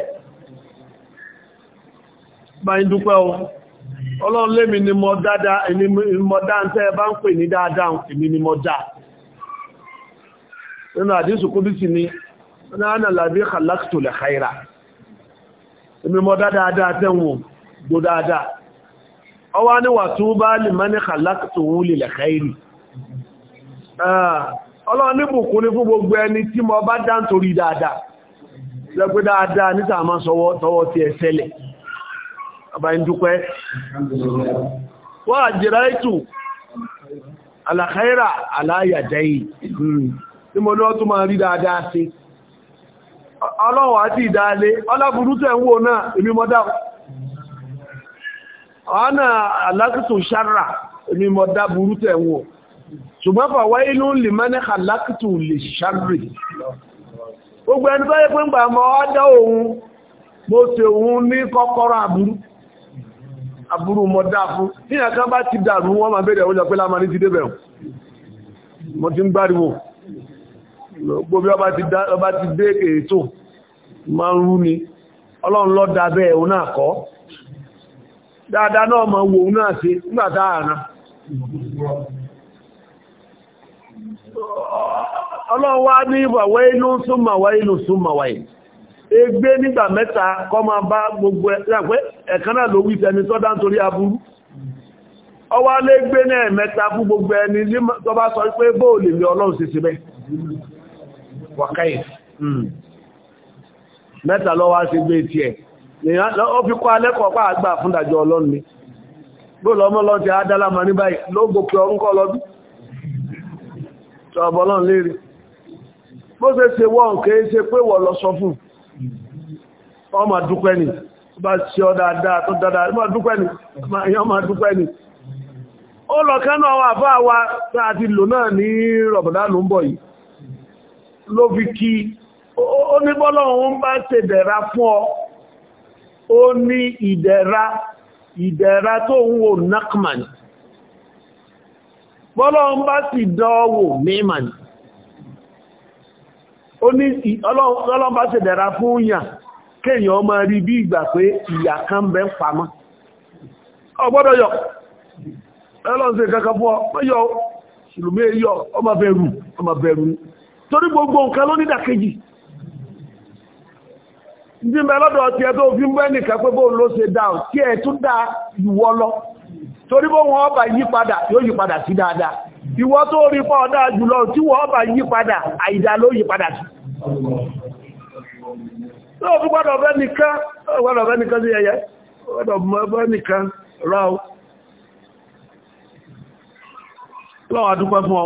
bá ń dúpẹ́ o ọlọ́run lémi ni mo dáadáa èmi ni mo dáa ń tẹ́ bá ń pè ní dáadáa èmi ni mo dáa nínú àdísù kúdùsì ni náà làbí khalaqtu li khaira èmi mọ́ dáadáa tẹ́wọ̀n gbó dáadáa ọwá ní wà tó bá lè mọ́ ní khalaqtu li khairi ọlọ́run ní bùkún ní fún gbogbo ẹni tí mo bá dá nítorí dáadáa lẹ́gbẹ́ dáadáa níta àmá sọwọ́ tọwọ́ wọ́n àjẹ́ráìtù ala khaira ala yadayi hmm tí mo lọ́ tún máa rí dáadáa sí ọlọ́wọ̀ àti ìdáalé ọlábùrú tẹ̀ ń wò náà èmi mọ́ dáa ọ̀nà alákìtò ṣára èmi mọ́ dáa burú tẹ̀ ń wò ṣùgbọ́n fàwọ́ inú lè mẹ́ni alákìtò lè ṣáré gbogbo ẹni báyé pé mo ti ń gbáriwo gbogbo ọba ti dé ètò ma ń rú ni ọlọ́run lọ dábẹ́ òun náà kọ́ dáadáa náà ma wo òun náà sí nígbàtá ọlọ́run wá ní ìwàwẹ́ inú súnmàwà inú súnmàwà ẹ̀ egbé nígbà mẹ́ta kọ́ ma bá gbogbo ló wí tẹni sọ́dá nítorí aburú gbé náà mẹ́ta fún gbogbo ẹni sọ pé ọlọ́run sì sí bẹ́ẹ̀ wàkáyè hmm. mẹ́ta lọ́wọ́ sí gbé tí ẹ̀ ó fi kọ́ alẹ́kọ̀ọ́ pàá gbà fún ìdájọ́ ọlọ́run ni bó lọ́mọ́ lọ́n ti adálàmà ní báyìí ló gòkè ọrún kọ́ lọ́bí ṣọ̀bọ̀ lọ́n lérí bó ṣe ṣe wọ́n kèé ṣe pé wọ́n lọ sọ fún ọmọ dúpẹ́ ni bá ṣe ọ dáadáa tó dáadáa ọmọ dúpẹ́ ni ni ó lọ kánú àwọn àfáà wa tá a ti lò náà ní rọ̀bọ̀dá ló ń bọ̀ ló fi kí ó ní bọ́lọ́run bá ṣe dẹ̀ra fún ọ ó ní ìdẹ̀ra ìdẹ̀ra tó ń wo nakman bọ́lọ́run bá ó ní ọlọ́run bá ṣe dẹ̀ra fún yàn kéèyàn ọmọ rí bí ìgbà pé ìyà kan bẹ́ ń pamọ́ yọ kankan fún ọ ọmọ bẹ̀rù ọmọ bẹ̀rù torí gbogbo nǹkan ló nídàkejì ní mẹ́lọ́dọ̀ ti ẹ̀ tó bẹ́ẹ̀ nìkan pé bóun ló ṣe dá ò tí ẹ̀ tún dá ìwọ lọ torí bó wọn ọba yípadà yóò yípadà sí dáadáa ìwọ tó rí pa ọ̀dá jùlọ tí ọba yípadà àìdá ló yípadà sí lọ́wọ́ gbọ́dọ̀ nìkan gbọ́dọ̀ nìkan sí ẹyẹ gbọ́dọ̀ nìkan lọ́wọ́ adúpẹ́ fún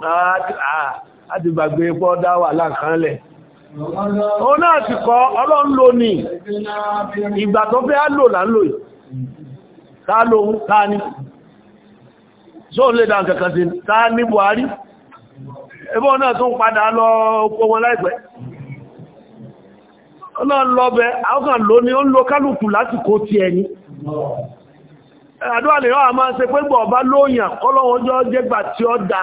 láti gbàgbé pọ́ dá wà láǹkanlẹ̀ ó náà ti kọ́ ní ìgbà tó fẹ́ lò láńlò yìí ta lò ń ta ní so lè dá nǹkankan sí ta ní Buhari ẹbọ́ náà tún padà lọ pọ́ wọn láìpẹ́ ọlọ́run lọ́bẹ̀ àwọn ní ó ń lo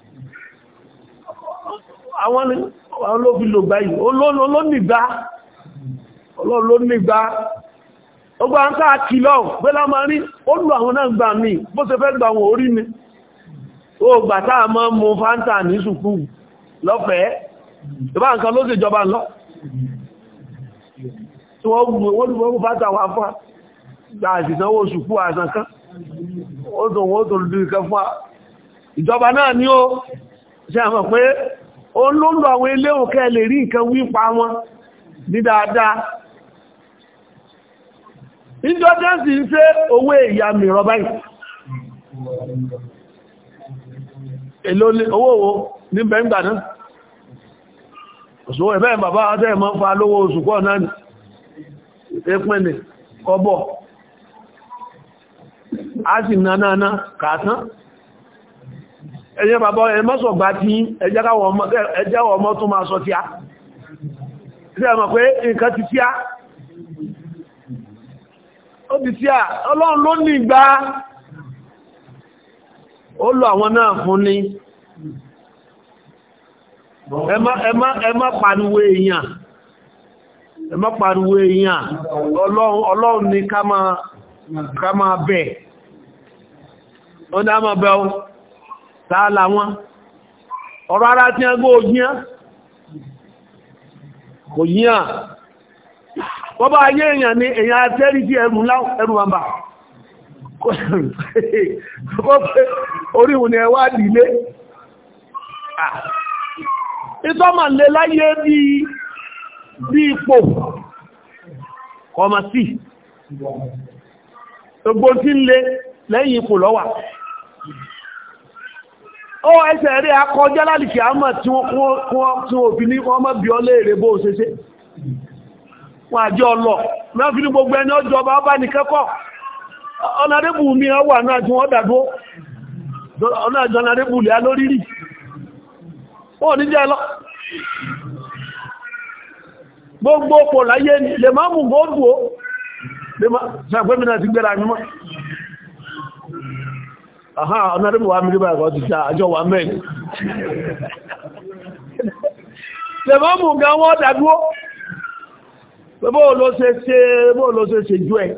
àwọn ló fi lò gbáyìí olónìgbá olónìgbá ó gbá ń káà kì lọ gbẹ́lá máa rí ó lù àwọn náà gbà mí bó ṣe fẹ́ gbà wọn orí mi ó gbà táà mọ́ mú fántà ní sùkú lọ́fẹ̀ẹ́ ìbá nǹkan ló sì jọba lọ tí wọ́n gbogbo mú fántà wà fún àṣìsanwó sùkú àṣànkán ó tó wọ́n tó òun ló àwọn ilé òkè rí nǹkan wípa wọn ní dáadáa ń ṣe owó ìyá mìíràn báyìí èlò owó ní bẹ̀ǹgbà náà òṣòwò ẹ̀bẹ̀ bàbá ọdẹ́ ìmọ̀ fa lówó oṣù pọ̀ náà ẹpẹ́ni sì ẹ̀yẹ bàbá ẹmọ́sọ̀gbà tí ẹjẹ́wọ̀ ọmọ tó máa sọ tí a ṣe ẹmọ̀ pé nǹkan ti tí a ó ti tí a ọlọ́run ló ní ìgbà ó lọ àwọn náà fún ní ẹmọ́ pariwo èèyàn ẹmọ́ pariwo èèyàn ọlọ́run ní ká máa bẹ̀ ó dá máa bẹ̀ ohun tààlà wọn ọ̀rọ̀ ara tí a gbó òyìn kò yíyàn bọ́bá ayé èèyàn ni èèyàn atẹ́rí tí ẹrù wàmbà (laughs) oríhùn ni ẹwà dìlé ìtọ́mà lè láyé bí ipò kọmọ sí gbogbo tí ń lè lẹ́yìn ipò lọ́wà ó ẹsẹ̀ rí akọjá lálìkì àmà tí wọ́n fi ní ọmọ bí ọ èrè bó ṣeṣe wọ́n àjọ ọlọ̀ náà ní gbogbo ẹni ọjọ́ ọba ọba nìkẹ́kọ́ ọ̀nàdébù mi wà náà tí wọ́n dàdó ọ̀nàdébù lè alórírì ó ní jẹ́ lọ gbogbo pọ̀ láyé lè má mú gbogbo àhá ọ̀nàdébù wa mìírí báyìí kan ti ta àjọ wà mẹ́rin lẹ́mọ́mù gan wọ́n dàdúró bóò ló ṣe ṣe jú ẹ̀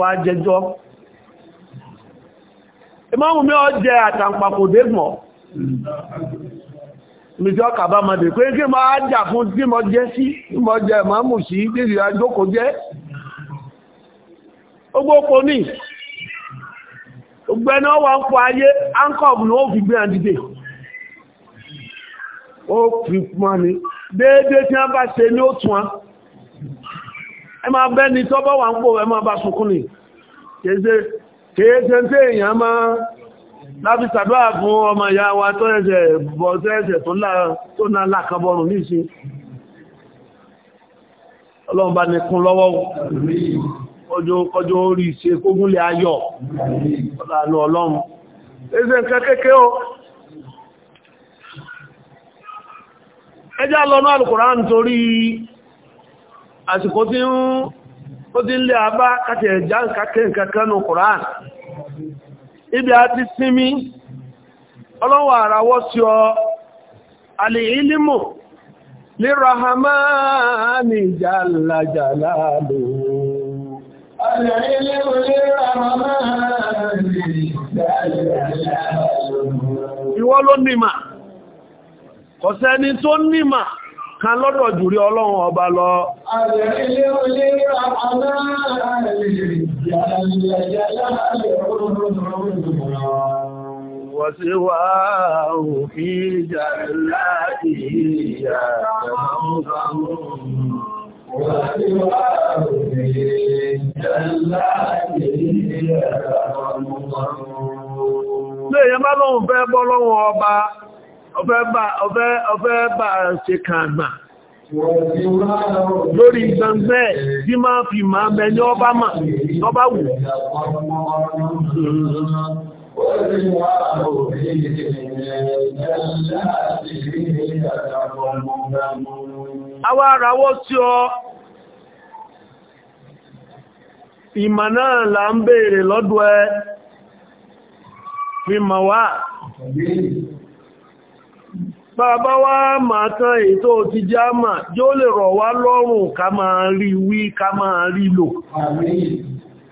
wà jẹjọ́ ìmọ́mù mi ọ jẹ àtàǹpàkò dégmọ̀ mìjọ kàbámadè pé kí mọ́ jà fún tí jẹ́ sí sí ògbẹ́ni ọwọ́ ń pọ ayé ankob ní ó fi gbé àdìdè ó fi mọ́ ni déédé tí wọ́n bá ṣe ní ó tún wọn ẹ máa bẹ́ ni tọ́ bọ́ wà ń pò ẹ máa bá sunkún ni kèése tí èèyàn máa láti sàdúrà fún ọmọ ìyá wa tó ẹsẹ̀ bọ̀ tó ẹsẹ̀ tó náà lákàbọrùn ní ìṣe ọlọ́run bá ní kún lọ́wọ́ Ọjọ́ orí ṣe kógún ayọ̀ ọ̀lànà ọlọ́run ẹzẹ́ nǹkan kéèké o ẹjá lọ́nà alùkùnrán nítorí àsìkò tí ń ó ti lè àbá kàtẹ̀ ẹ̀já kẹ́kẹ́kẹ́nu kùnrán ibi a ti sinmi ọlọ́wọ̀ àràwọ́ sí ọ alì ilimu jàlàjàlá lòó العلم للرحمن Ìwọ ló nímà, kò sẹ́ni tó nímà kan lọ́dọ̀ jùrí ọlọ́run ọba lọ. Wọ̀síwá òfin jà láti ìyà tẹ̀mọ́ Léèyàn bá lọ́wọ́ fẹ́ bọ́ lọ́wọ́ ọba, ọfẹ́ bá ṣe kàgbà. Lórí ìgbẹ̀mẹ́ tí máa fi máa ọba wù. Àwọn àràwọ̀ tí ọ ìmà náà là ń béèrè lọ́dọ̀ ẹ fi mọ̀ wá bàbá wá máa tán ètò ti já mà yóò lè rọ̀ wá lọ́rùn ká máa rí wí ká máa rí lò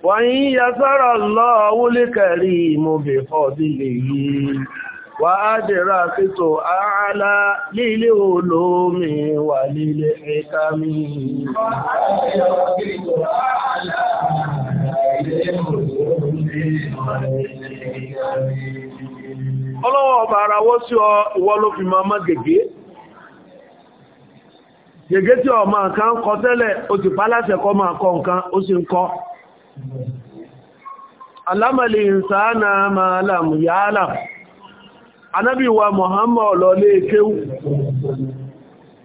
wàyí yasára lọ́wọ́lé kẹrì ìmọ̀bẹ̀ fọ́dílé yìí وأدركت أعلى للعلوم وللحكم وأدركت أعلى Ọlọ́wọ́ ọba ara wọ́ sí ọ ìwọ ló fi máa má gègé. Gègé tí ọ nǹkan ń kọ tẹ́lẹ̀, ó ti pa láṣẹ kọ́ máa kọ nǹkan, ó sì ń kọ. Alámàlì ìsáà náà máa làmù anábì wa Muhammad lọlé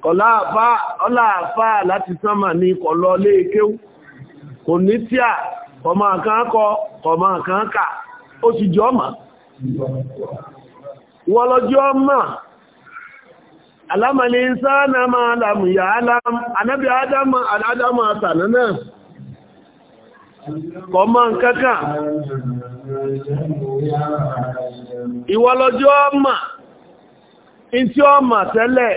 ọláàfà láti sánmà ní kò ní tí à kọmọ kọ kọmọ kan ó sì jọ máa làmùyà anábì adama àtànà náà kọmọ ìwọ lọ́jọ́ ọmà in tí ó mà tẹ́lẹ̀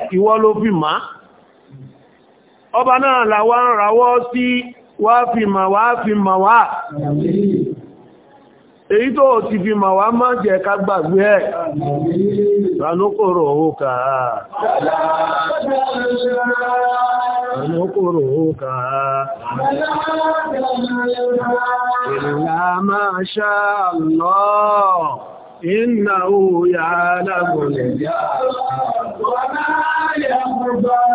ọba náà làwọ́ ń sí wá fi mà wá fi mà wá èyí tó ti fi mà wá má jẹ́ ká gbàgbé ẹ̀ ránúkòrò owó kàá ránúkòrò owó kàá ìlà máa إنه يعلم الجهر وما يخفى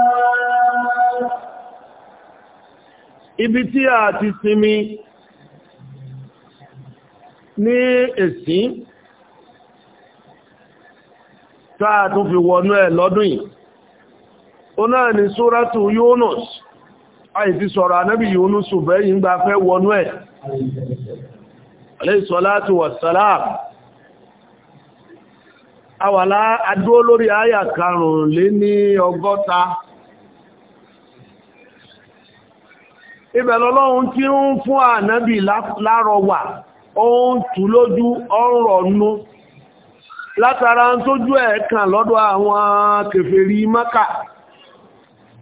Ibi tí a ti simi ní ẹ̀sìn táà tún fi wọnú ẹ̀ lọ́dún yìí, ó náà ni Sóràtù Yónus, àìsí sọ̀rọ̀ ànábì Yónus ṣùgbẹ́ yìí ń gba fẹ́ wọnú ẹ̀. àwàlá adúó lórí àyà karùn-ún lé ní ọgọ́ta ìbẹ̀lẹ̀ ọlọ́run tí ń fún ànábì lárọwà ó ń tù lójú ọ̀rọ̀ nú látara ń tójú ẹ̀ kàn lọ́dọ̀ àwọn kèfèrí maka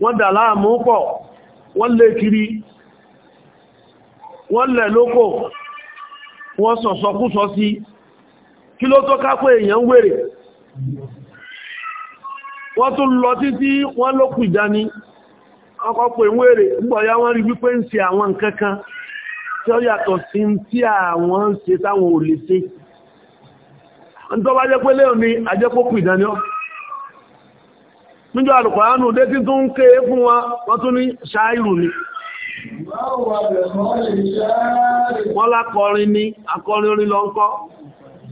wọ́n dà láàmú pọ̀ wọ́n lè kiri wọ́n lè lókò wọ́n sọ̀sọ̀kúsọ sí kí ló tó kápẹ́ èèyàn wèrè wọ́n tún lọ títí wọ́n ló kù ìdání ọkọ̀ pè ń ya gbọ̀yá wọ́n rí wípé ń ṣe àwọn nǹkankan tí ó yàtọ̀ sí tí àwọn ń ṣe táwọn ò lè ṣe tó bá jẹ́ pé léò ní àjẹ́kókù ìdániọ́ níjọ́ àlùkọ̀ánù dé tí tó ké fún wa wọ́n tún ní ṣáìrù ni wọ́n lákọrin ní akọrin orin lọ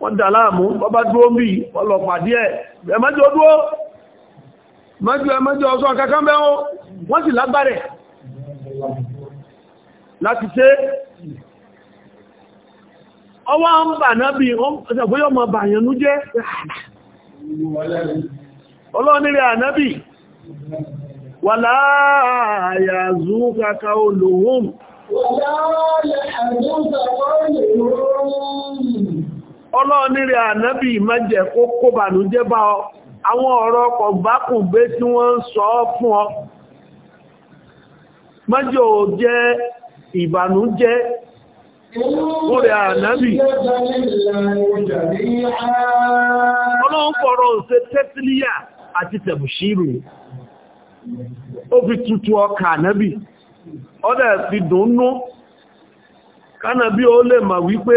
wọ́n dà láàmú bọ́bá dúró mí ọlọ̀ pàdé ẹ̀ ẹ̀mẹ́jọ dúró mẹ́jọ ẹ̀mẹ́jọ ọ̀sọ́ kankan bẹ́ wọ́n sì lágbàrẹ̀ láti ṣe ọwọ́ ń bà náà bí ọ̀sẹ̀gbóyọ́ mọ̀ bàyànú jẹ́ ọlọ́nirẹ̀ ànábì wà láàyà zùú kaka olùhùn Wàlá yà àjúta wọ́n lè rọrùn ọlọ́ọ̀nìrẹ̀ ànábì mẹ́jẹ̀ kó kó bànújẹ́ bá ọ àwọn ọ̀rọ̀ ọkọ̀ gbákùngbé tí wọ́n ń sọ fún ọ mẹ́jẹ̀ ò jẹ́ ìbànújẹ́ Orí ànábì. Ọlọ́run fọ̀rọ̀ òṣè tẹ́sílíyà àti tẹ̀bùṣírù. Ó fi tutù ọkà ànábì. Ọdẹ̀ fi dùn nú. Kánábí ó lè mà wípé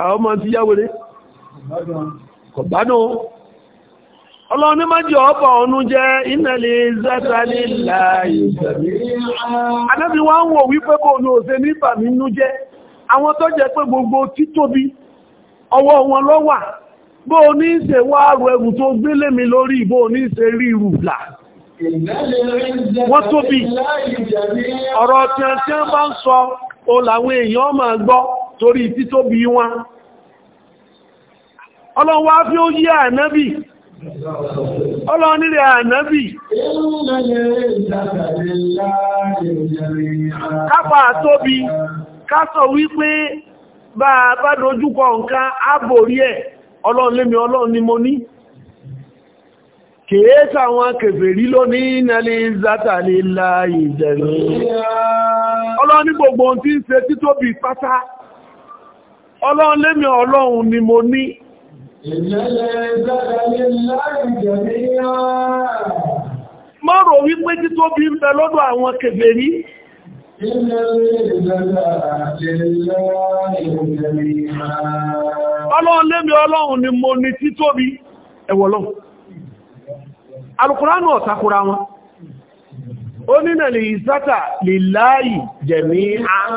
àwọn ọmọ ti yáwèrè kọ̀bánú ọlọ́run ní májì ọ̀pọ̀ ọ̀nú jẹ́ ìnàlẹ̀ zátàlẹ̀ láàyè anábi wá ń wò wípé kò ní òṣè ní ìbàmí nú jẹ́ àwọn tó jẹ́ pé gbogbo títóbi ọwọ́ wọn ló wà bó o ní ṣe wá àrò ẹrù tó gbélé mi lórí bó ní ṣe rí rùblà wọ́n tóbi ọ̀rọ̀ tí bá ń sọ torí títóbi wọn ọlọ́wọ́ fi ó yí ànábì ọlọ́nirẹ̀ ànábì kápá tóbi kásọ̀ wípé bá bá dojúkọ nǹkan ábòrí ẹ̀ ọlọ́nlémi ọlọ́run ni mo ní kèé tàwọn kèfèrí lónìí nẹ́lẹ̀ zátàlélà ìjẹ̀rẹ̀ ọlọ́ní gbogbo tí ń ṣe títóbi pátá ọlọ́run lémi ọlọ́run ni mo ní mọ́rọ̀ wípé títóbi ń bẹ lọ́dọ̀ àwọn kèfèrí ọlọ́run lémi ọlọ́run ni mo ní títóbi ẹ̀wọ̀lọ́ alùkùránù ọ̀takùra wọn ó nínà lè ìsátà lè láàyì jẹ̀mí àà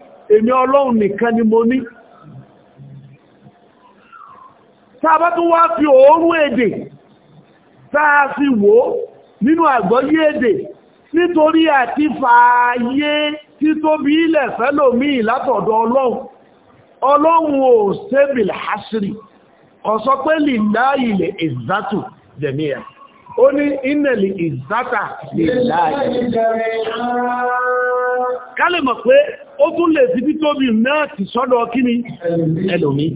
èmi ọlọ́run nìkan ni mo ní tàbá tó wá fi òórùn èdè táa fi wò nínú àgbọ́yé èdè nítorí àti fààyé títóbi ilẹ̀ fẹ́lòmíì látọ̀dọ̀ ọlọ́run ọlọ́run ò sébìl hasiri ọ̀sọ́ pé lè láàyè lè ìzátù jẹ̀míyàn ó ní ìnẹ̀lì ìzátà lè láàyè ká lè mọ̀ pé ó tún lè sí bí tóbi náà ti sọ́dọ̀ kíni ẹlòmí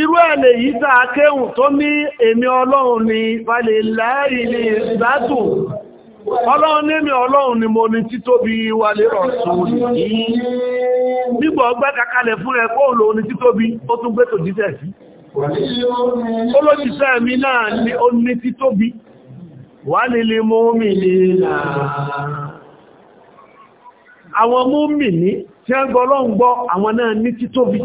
irú ẹ̀lẹ̀ yìí tàà kéhùn tó ní èmi ọlọ́run ni falẹ̀ láàyè lè zátù ọlọ́run ní èmi ọlọ́run ni mo ní títóbi wà lè rọ̀sùn nígbọ̀ ní Olójíṣẹ́ mi náà ní ó ní tí tóbi, wà nílé mọ́mí ní àwọn mọ́mí ní tí a gbọ́ lọ́n gbọ́ àwọn náà ní tí tóbi.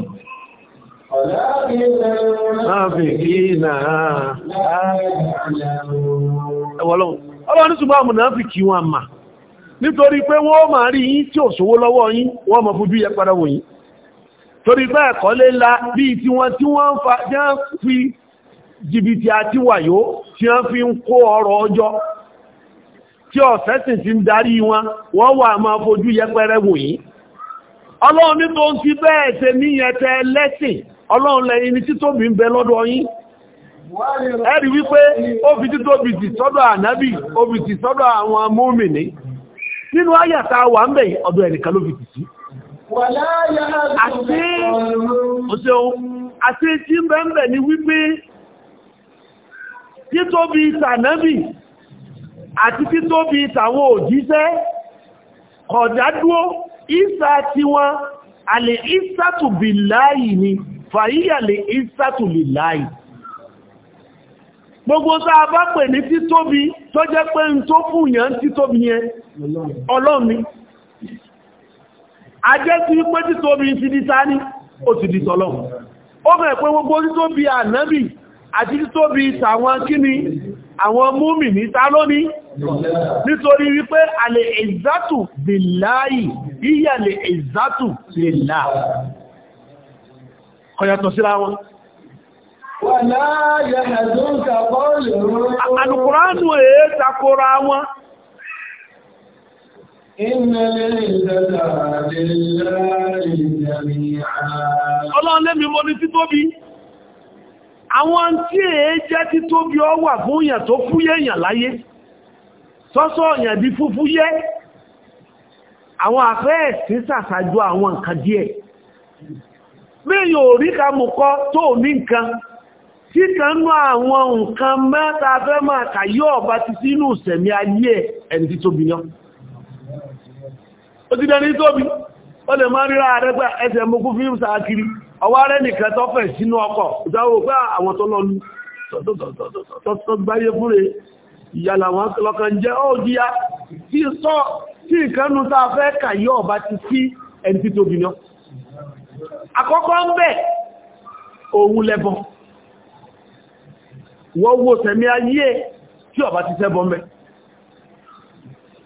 Ọlọ́run náà fi kí wọn mà nítorí pé wọ́n máa rí tí ò sówó lọ́wọ́ torí pé ẹ̀kọ́lé ńlá bí i tí wọ́n tí wọ́n ń fa jẹ́ ń fi jìbìtì àti wàyó tí wọ́n fi ń kó ọrọ̀ ọjọ́ tí ọ̀sẹ́sìn ti ń darí wọn wọ́n wà máa fojú yẹpẹrẹ wòyí ọlọ́run ní tó ń ti bẹ́ẹ̀ ṣe níyẹn tẹ lẹ́sìn ọlọ́run lẹ́yìn Àti òṣèun, àti tí ń bẹ̀m̀bẹ̀ ni wípé títóbi tànábì àti títóbi tàwọn òjíṣẹ́ kọ̀dá dúó ìsà tí wọn àlè ìsàtù bì láàyì ni fàíyà lè ìsàtù lè láàyì. Gbogbo tá a bá pè ní títóbi tó jẹ́ pé ń tó fún yẹn títóbi yẹn, ọlọ́ni ajẹ́ sí pé títò omi ti di sáni ó ti di tọ́lọ̀ ó mẹ́ pé gbogbo títò bí ànábì àti títò bí tàwọn kíni àwọn múmi ní tálóní nítorí wípé alè ìzátù billahi yíyà lè ìzátù billah ọ̀yàtọ̀ síra wọn Alùkùránù èé takora wọn Ọlọ́run lẹ́mi mo ní títóbi. Àwọn tí èé jẹ́ títóbi ọ wà fún èèyàn tó fúyẹ́ èèyàn láyé. Sọ́sọ́ èèyàn di fúfú yẹ́. Àwọn àfẹ́ ẹ̀sìn sàṣàjọ àwọn nǹkan díẹ̀. Mẹ́yìn ò rí ká mú kọ́ tó ní nǹkan. Tí kan nú àwọn nǹkan mẹ́ta fẹ́ máa kàyọ́ ọba ti sínú ìsẹ̀mí ayé ẹni títóbi náà ó ti dẹni tóbi ó lè máa ríra rẹ̀ pé ẹsẹ̀ mokú fíìmù sàákiri ọwọ́ rẹ̀ nìkan tó fẹ̀ sínú ọkọ̀ ìdáwò pé àwọn tó lọ́nu tó gbáyé fúnre ìyàlà wọn lọ́kàn jẹ́ ó jíyá tí sọ tí ìkanu tá a fẹ́ kàyé ọba ti sí ẹni tí tóbi náà àkọ́kọ́ ń bẹ̀ òun lẹ́bọn wọ́n wo sẹ̀mí ayé tí ọba ti sẹ́bọn bẹ́ẹ̀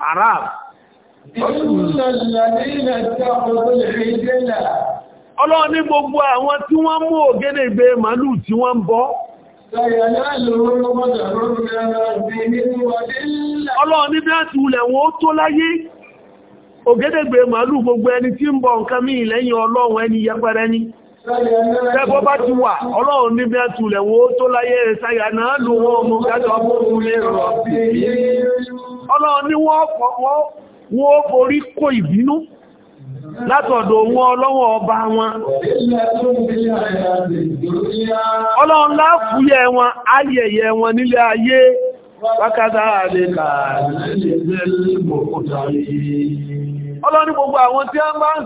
Arab. Ọlọ́run ní gbogbo àwọn tí wọ́n mú ògédè gbé màálù tí wọ́n ń bọ́. Ọlọ́run ní bí tó láyé. màálù gbogbo ẹni tí ń bọ nǹkan mí lẹ́yìn ọlọ́run ẹni yẹpẹrẹ bá ti wà, ọlọ́run tó láyé náà ọlọ́run ní wọ́n orí kó ìbínú látọ̀dọ̀ wọn ọlọ́wọ́ ọba wọn ọlọ́run láàfúyẹ wọn ayẹyẹ wọn nílé ayé wákàtà àdékà ọlọ́run gbogbo àwọn tí a máa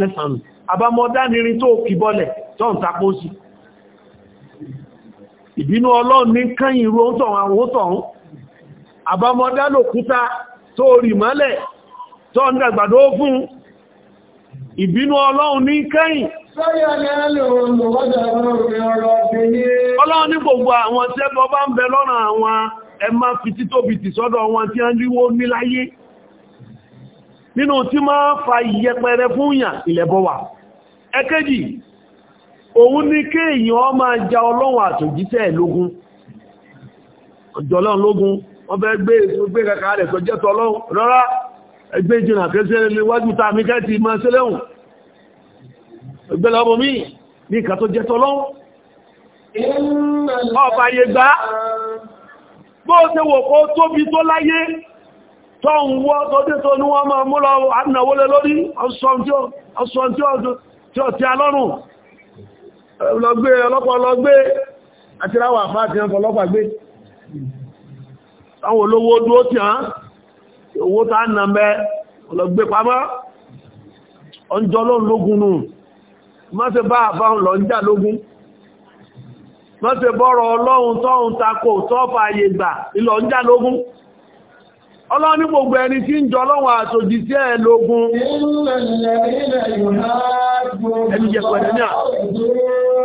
ń àbámọ́dá ìbínú ọlọ́run ní kẹ́yìn irú oúnjẹ àwọn òótọ̀hún àbámọ́dá lòkúta tó rì mọ́lẹ̀ tó ń dàgbàdó fún ìbínú ọlọ́run ní kẹ́yìn ọlọ́run ní gbogbo àwọn tẹ́bọ bá ń bẹ lọ́nà àwọn ẹmá fi títóbi sọ́dọ̀ wọn tí a ń ríwó níláyé nínú tí máa fa ìyẹpẹrẹ fún ìyàn ilẹ̀bọ̀wà ẹ̀kẹ́jì òun ní kéèyàn ọ máa ja ọlọ́run àtòjíṣẹ́ lógún ọjọ́lọ́run lógún wọ́n fẹ́ gbé gbé kàkà rẹ̀ tó jẹ́tọ̀ ọlọ́run rọ́rá ẹgbẹ́ ìjìnà kẹsẹ́rẹ́ níwájú ta mi kẹ́tì máa sílẹ̀hùn ẹgbẹ́lọ́bọ̀ mí ní ìkà tó jẹ́tọ̀ ọlọ́run ọba yẹ gbá bó ṣe wò kó tóbi tó láyé tó ń wọ́ tí ó ti lọ́gbé ọlọ́pàá lọ́gbé àti ráwà àpá àti ọlọ́pàá gbé àwọn olówó dúó tí án owó nà mẹ́ ọlọ́gbé pamọ́ ọjọ́ lóun lógún nù bá àbáhùn lọ ń jà lógún bọ́rọ̀ ọlọ́run takò ní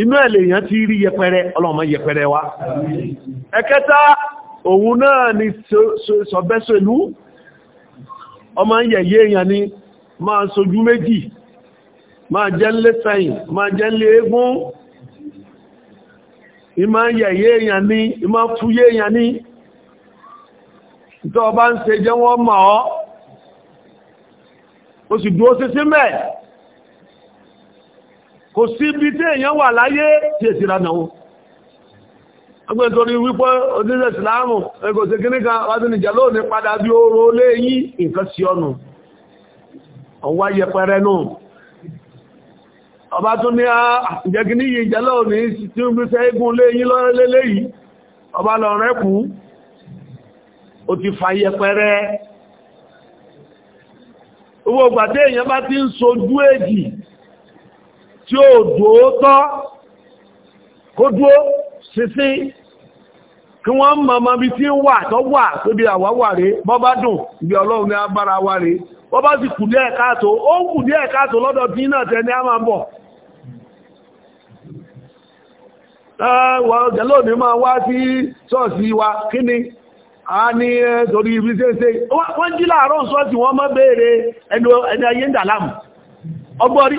inú ẹ̀lẹ̀ èèyàn ti rí yẹpẹrẹ ọlọ́mọ yẹpẹrẹ wa ẹ̀kẹta òun náà ni sọ̀bẹ́sẹ̀lú ọmọ yẹ̀yẹ́ èèyàn ni máa sojú méjì ma jẹ́ ńlé sẹ́yìn máa jẹ́ ńlé eégún ìmá yẹ̀yẹ́ èèyàn ni ìmá fúyẹ́ èèyàn ni tó bá ń ṣe jẹ́ wọ́n mọ̀ ọ́ kò sí ibi tí wà láyé tí èsì ìlànà wọn ọgbẹ́ torí wípọ́ oníṣẹ́ ìsìláàmù ẹgbẹ́ òsè wájú ní ní padà bí oró lé nǹkan sí ọnù ọwá yẹpẹrẹ náà ọba tún ní àjẹ́gíní ah, yìí ní igun tí ó dòótọ́ kó dúó sísí kí wọ́n mọ̀ bí tí wà tó wà tó bí àwa bọ́ bá dùn bí ọlọ́run ní agbára wà rẹ̀ bọ́ bá sì kùdí ó lọ́dọ̀ tí náà ní a máa bọ̀ ní máa wá sí wa kí ni a ní ibi wọ́n jí láàárọ̀ wọ́n mọ́ ẹni ayé ń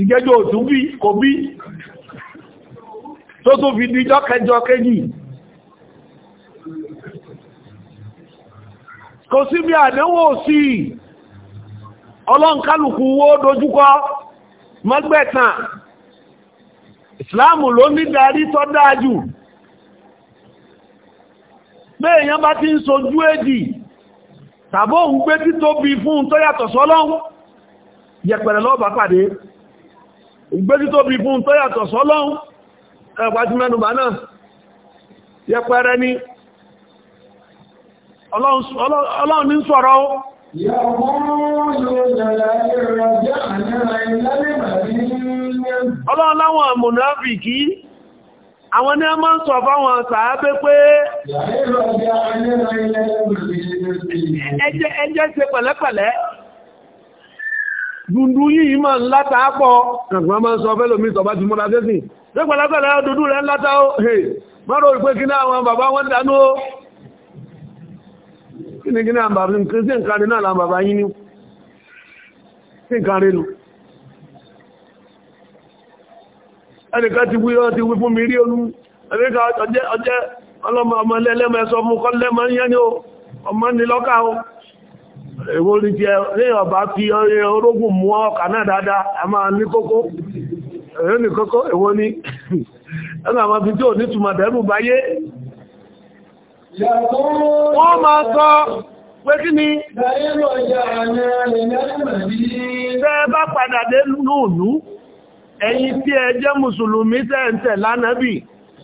ti jẹ́jọ́ òtún bí kò bí tó tó fi díjọ́ kẹjọ kejì kò sí bí àdánwò sí ọlọ́nkálùkù wó dojúkọ mọ́gbẹ̀tàn ìsìláàmù ló ní darí tó dáájú bẹ́ẹ̀yàn bá ti ń sojú èdì tàbí òun gbé títóbi fún tó yàtọ̀ sọ́lọ́wọ́ yẹ̀pẹ̀rẹ̀ lọ́ọ̀bá pàdé ìgbésí tó bí fún tó yàtọ̀ sọ́lọ́un ẹ̀pàá náà yẹpẹrẹ ni ọlọ́run ní sọ̀rọ̀ ó ọlọ́run láwọn mùnáfìkì àwọn ní a máa ń sọ fáwọn sàábé pé ẹjẹ́ ṣe pẹ̀lẹ́pẹ̀lẹ́ dùndú yìí máa ń láta pọ̀ ẹ̀gbọ́n máa ń sọ fẹ́lòmí sọ̀bá ti múra sẹ́sìn lẹ́gbẹ̀lẹ́gbẹ̀lẹ́ dúdú rẹ̀ ń láta ó hè mọ́rọ̀ ìpé kí náà àwọn bàbá wọ́n dánú ó kí ni kí náà bàbá ní kí sí nǹkan náà àwọn bàbá yìí ní sí nǹkan rẹ̀ nù ẹnìkan ti wí ọ́ ti wí fún mi rí olú ẹnìkan ọjẹ́ ọlọ́mọ Ewo ní ti ọba fi ọyẹ orógùn mú ọkà náà dáadáa a máa ní kókó Ẹ̀yọ́ ní kókó èwo ní (laughs) ẹgbà àwọn fi tí ò ní túnmà dẹ́rù báyé wọ́n máa sọ pé kí ni tẹ́ bá padà dé lóòlú ẹ̀yin tí ẹ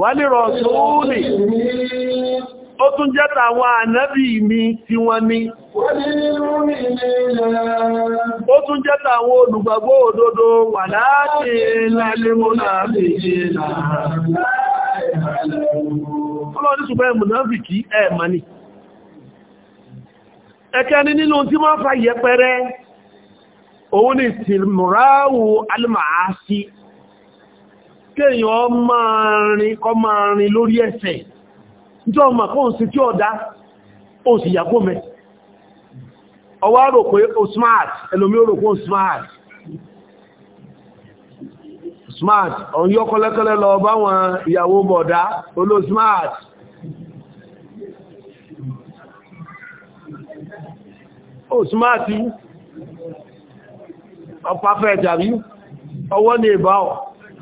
wálé rọ̀súúlì ó tún jẹ́ tàwọn ànábì mi tí wọ́n ní ó tún jẹ́ tàwọn olùgbàgbọ́ òdodo wà láti lálémọ́nà méjì ọlọ́ni ṣùgbọ́n ẹmùnáfìkì ẹ̀mà ni ẹkẹni nínú tí wọ́n fa yẹpẹrẹ òun ni tìmùráwù alìmàásí kéèyàn máa rin kọ máa rin lórí ẹsẹ̀ tí ọmọ kóhùn sí tí ọ̀dá ó sì yàgbó mẹ́ ọwá rò pé o smart ẹlòmí rò pé o smart smart ọ̀n yọ́ kọ́lẹ́kọ́lẹ́ lọ báwọn ìyàwó bọ̀dá olóò smart o smart ọpá fẹ́ tàbí ọwọ́ ní ìbáwọ̀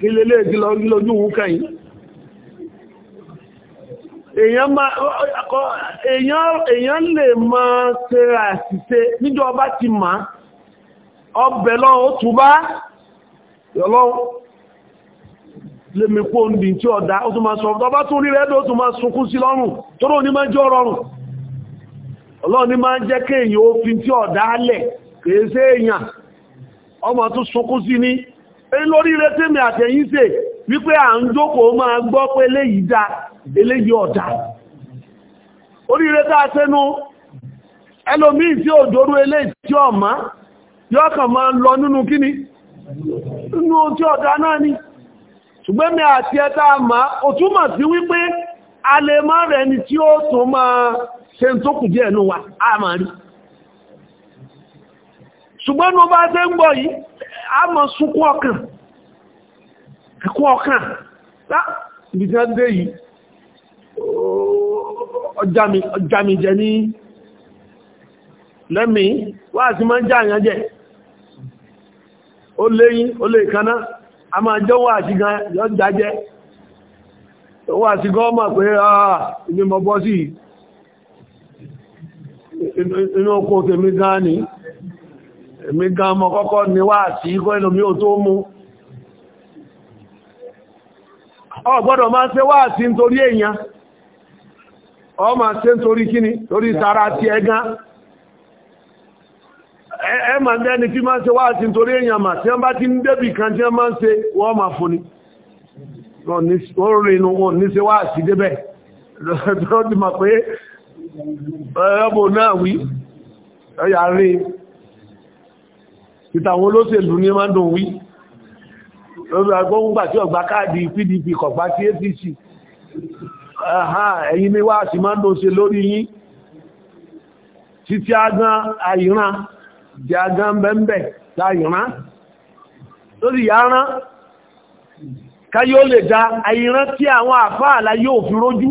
kí lè lè gílójú òun kẹ́yìn èèyàn lè mọ́ ṣe site níjọ ọba ti ma ọbẹ̀ lọ ó túbá yọ́lọ́ lèmi kó ń dì tí ma sọ ọba tún rí rẹ́dọ́ tún ma sunkún sí lọ́rùn tó ní máa máa jẹ́ ó fi tí ọ̀dá lẹ̀ kèése èèyàn ọmọ tún sunkún sí lórí retí mi àtẹ̀yìn ṣe wípé à ń jókòó máa gbọ́ pé eléyìí dá eléyìí ọ̀dá oríire tá a tẹ́nu ẹlòmíì tí ó dórú eléyìí tí ọ̀má yóò kàn máa lọ nínú kíni nínú tí ọ̀dá náà ni ṣùgbọ́n mi àti ẹta àmà ò túmọ̀ sí wípé a lè má rẹ̀ ni tí ó tún máa ṣe tó díẹ̀ wa a máa rí ṣùgbọ́n mo bá ń gbọ́ yìí ama sunkún ọkàn ẹkún ọkàn láti ìjọ ń dé yìí ọjàmì jẹ ní lẹ́mí wá sí máa ń já àyàn jẹ ó léyìn ó lè kaná a máa jọ wà sí gan yọ jájẹ́ wà sí gan mọ̀ pé àà ah, èmi gan mọ́ kọ́kọ́ ni wá sí ikọ́ ò tó mú ọ gbọ́dọ̀ máa ṣe wá sí nítorí èèyàn ọ máa ṣe nítorí torí tara ti ẹgán ẹ ma ń dẹ́ni tí máa ṣe wá sí nítorí èèyàn mà tí wọ́n bá ti ń débì kan tí wọ́n máa ṣe wọ́n máa foni wọ́n ní ṣe wá sí ìtàwọn olóṣèlú ní máa ń dùn wí lórí agbóhùngbà tí ọgbà káàdì pdp kọ̀gbá tí apc ẹ̀yìn ni wá sí máa ń dùn ṣe lórí yín títí agán àìran tí agán bẹ́m̀bẹ̀ láìran lórí yàrán káyé ó lè da àìran tí àwọn àfáà láyé òfin rójú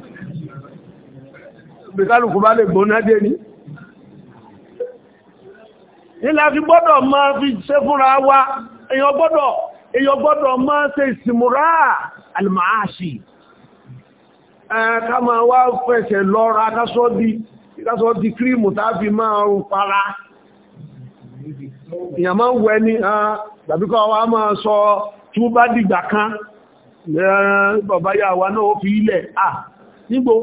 bíkálùkù bá lè gbóná dé ní nílá fi gbọ́dọ̀ máa fi ṣe fúnra wa èyàn gbọ́dọ̀ èyàn gbọ́dọ̀ máa ṣe ìsìmúra alìmáàṣì ẹ̀ẹ́ká máa wá fẹsẹ̀ lọ́ra kásọ́ di kírìmù tàbí máa ń para èyàn máa ń wẹ ní tàbíkọ́ wa máa sọ tó bá dìgbà kan bàbá yà wa náà ó fi ilẹ̀ à nígbò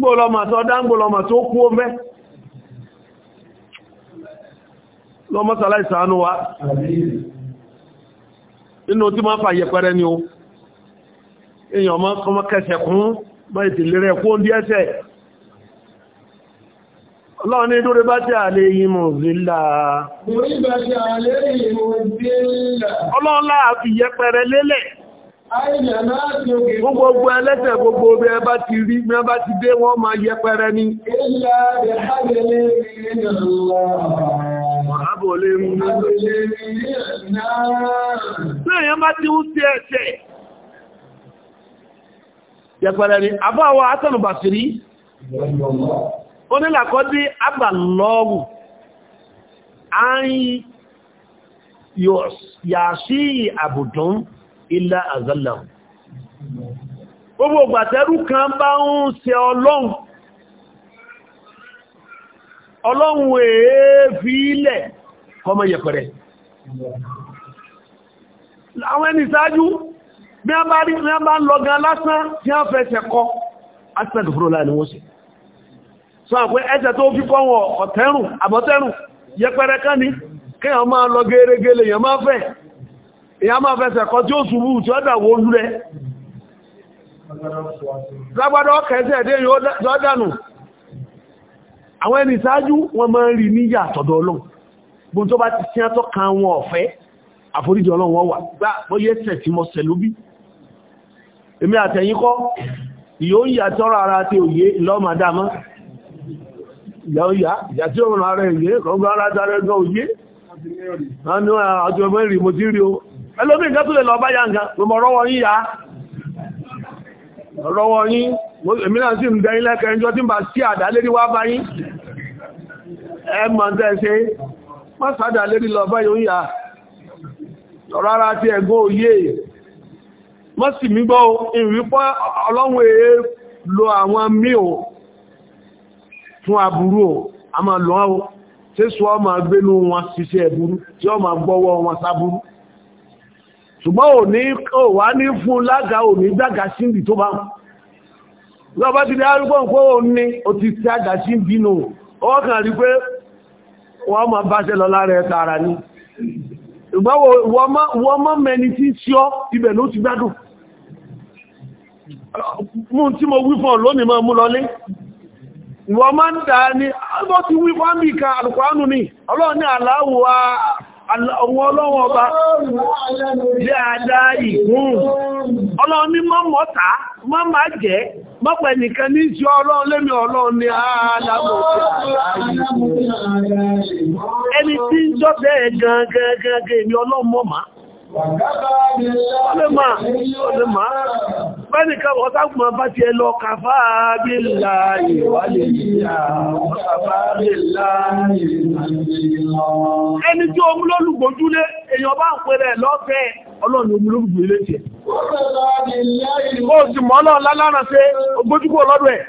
gbọ́lọ́mà tó dáńgbò lọ́mà tó kú o mẹ́ lọ́mọ́ sàláìsàánú wa nínú tí máa fàyẹ pẹ́rẹ ni o èyàn mọ́ kọmọ kẹsẹ̀ kún bá ìtìlérẹ̀ kú o ń díẹ́sẹ̀ Ọlọ́run ní dúró bá jẹ́ àlé ìmú zílá. Ọlọ́run lélẹ̀. Gbogbo ẹlẹ́sẹ̀ gbogbo bí ẹ bá ti rí, bí ẹ bá ti dé wọ́n máa yẹpẹrẹ ní. Àbòlé mú. Ṣé èyàn bá ti ń sí ẹ̀ṣẹ̀? Yẹpẹrẹ ní, àbọ́ àwọn Asẹ́nubàṣírí, ó nílàkọ́ dí àbàlọ́wù, àáyí yàṣí àbùdún ilá àzálà gbogbo gbàtẹ́rù kan bá ń ṣe ọlọ́run ọlọ́run èéfì ilẹ̀ kọmọ yẹ̀kọ̀rẹ̀ àwọn ẹni sáájú bí a bá rí bí a bá ń lọ́gan lásán tí a fẹ́ ṣe kọ́ aspect fúrò láàrin wọ́n sí so àpẹ ẹsẹ̀ tó fi kọ́ wọn ọ̀tẹ́rùn àbọ̀tẹ́rùn yẹpẹrẹ kan ní kí èyàn máa fẹsẹ̀ kan tí ó ṣubú tí ó dà wó lulẹ̀ lágbádọ́ kẹsẹ̀ dé yóò dànù àwọn ẹni ìsáájú wọn máa ń rí níyà àtọ̀dọ̀ ọlọ́run gbọ́n tó bá ti sí àtọ́ kan wọn ọ̀fẹ́ àforíjì ọlọ́run wọ́n wà gbá bóyẹ́sẹ̀ tí mo sẹ̀ lóbi èmi àtẹ̀yìn kọ́ ìyóò yà tọ́rọ ara tí òye lọ́màdámá ìyàwó yà ìyà tí ó rọrùn ara ẹ̀yẹ kọ́gbọ́n ara dára ẹgbẹ́ òye ẹlòmí nǹkan tó lè lọ bá ya nǹkan gbogbo ọ̀rọ̀wọ̀ yí ya ọ̀rọ̀wọ̀ yí èmi náà sì ń ilẹ̀ kẹrìnjọ́ tí bá sí àdálérí wá bá yí ẹmọ̀ tẹ́ ṣe má sádàlérí lọ bá yóò yá rárá tí mọ́ sì mí gbọ́ ọlọ́run èé lo àwọn o fún aburú o a máa lọ́wọ́ tí sọ ọmọ wọn ṣiṣẹ́ ẹ̀búrú tí ọmọ wọn sáburú ṣùgbọ́n ò ní wà ní fún lága ò ní dága síndì tó bá lọ́bá ti dé arúgbọ́n pé ó ní ó ti tí àgà síndì nù ọwọ́ kan rí pé wọ́n ma bá ṣe lọ lára ẹ̀ta ara ní wọ́n mọ́ mẹni tí ṣí ibẹ̀ ló ti gbádùn wọ́n máa ń dà ní ọgbọ́n ti wí fún àmì ìka àlùkò ánù ni ọlọ́ọ̀ ní àláwò àwọn ọlọ́wọ́ ọba dáadáa ìgún ọlọ́run ní mọ́ mọ́ta mọ́ máa jẹ́ mọ́pẹ̀ nìkan ní ṣe ọlọ́run lémi ọlọ́run ẹni tí ń bẹ́ẹ̀ ọlọ́mà ọlọ́mà bẹ́ni ká wọ́n sáàkùnmọ̀ bá ti ẹlọ kàfà bí láàyè wà lè ẹni tí omi lólùgbójúlé èyàn bá ń pèrè lọ́fẹ́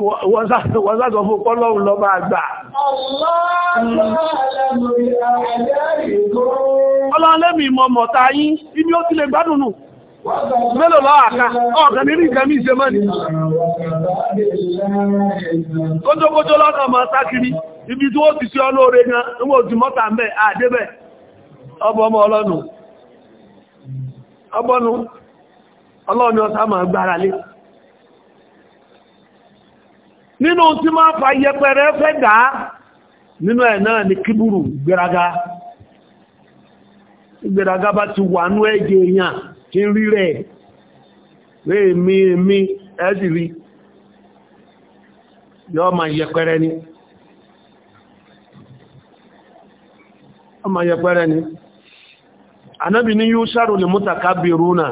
wọ́n sásọ fún pọ́lọ́run lọ́bá àgbà ọlọ́lẹ́mì mọ̀mọ̀ ta yí ibi ó ti lè mọ́ni kójókójó lọ́nà mọ̀ sákiri ibi tí ó ti ṣe gan mọ́ta mẹ́ àdébẹ̀ ọmọ ọlọ́nu ọlọ́ni nínú tí máa fa yẹpẹrẹ fẹ́ nínú ẹ̀ náà ni kíbùrù gbéraga gbéraga bá ti wà ní ẹ̀jẹ̀ èèyàn tí ń rí rẹ̀ rí èmi èmi rí yọ́ ma yẹpẹrẹ ni ọmọ yẹpẹrẹ ni anábì yóò ṣàrò mútàkà bèrú ó ní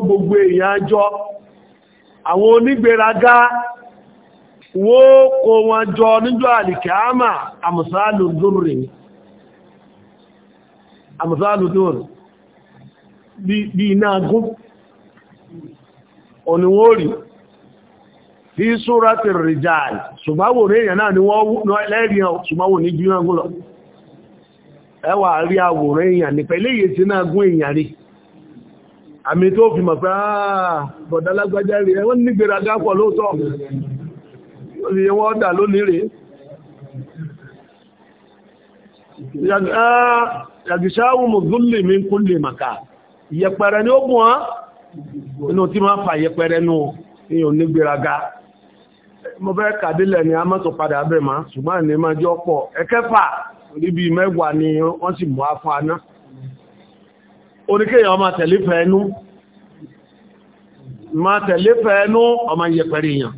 gbogbo èèyàn àwọn onígbèrágá wó kò wọn jọ níjọ́ àlìkàámà àmùsálù dúrì àmùsálù bí iná gún òníwórì tí súra ti rìjáàl ṣùgbáwò rèyàn náà ni wọ́n lẹ́rìn ṣùgbáwò ní jíwọ́n ẹwà rí àwòrán ní náà àmì tó fi mọ̀ pé ah, bọ̀dálágbájá rí ẹ wọ́n nígbèrè agápọ̀ lóòótọ́ ìyẹn wọ́n dà lónìí rèé yàgìṣáwù ah, mùsùlùmí mi kú lè màkà yẹpẹrẹ ní ogun án inú tí máa fà yẹpẹrẹ nù èèyàn nígbèraga mo fẹ́ kàdílẹ̀ ni a máa tó padà bẹ̀ máa ṣùgbọ́n ní máa jọ pọ̀ ẹ̀kẹfà níbi mẹ́wàá ni wọ́n sì mú afọ aná oníkéyàn ọmọ tẹ̀lífẹ́ ẹnu ma tẹ̀lífẹ́ ẹnu ọmọ yẹpẹ̀rẹ̀ èèyàn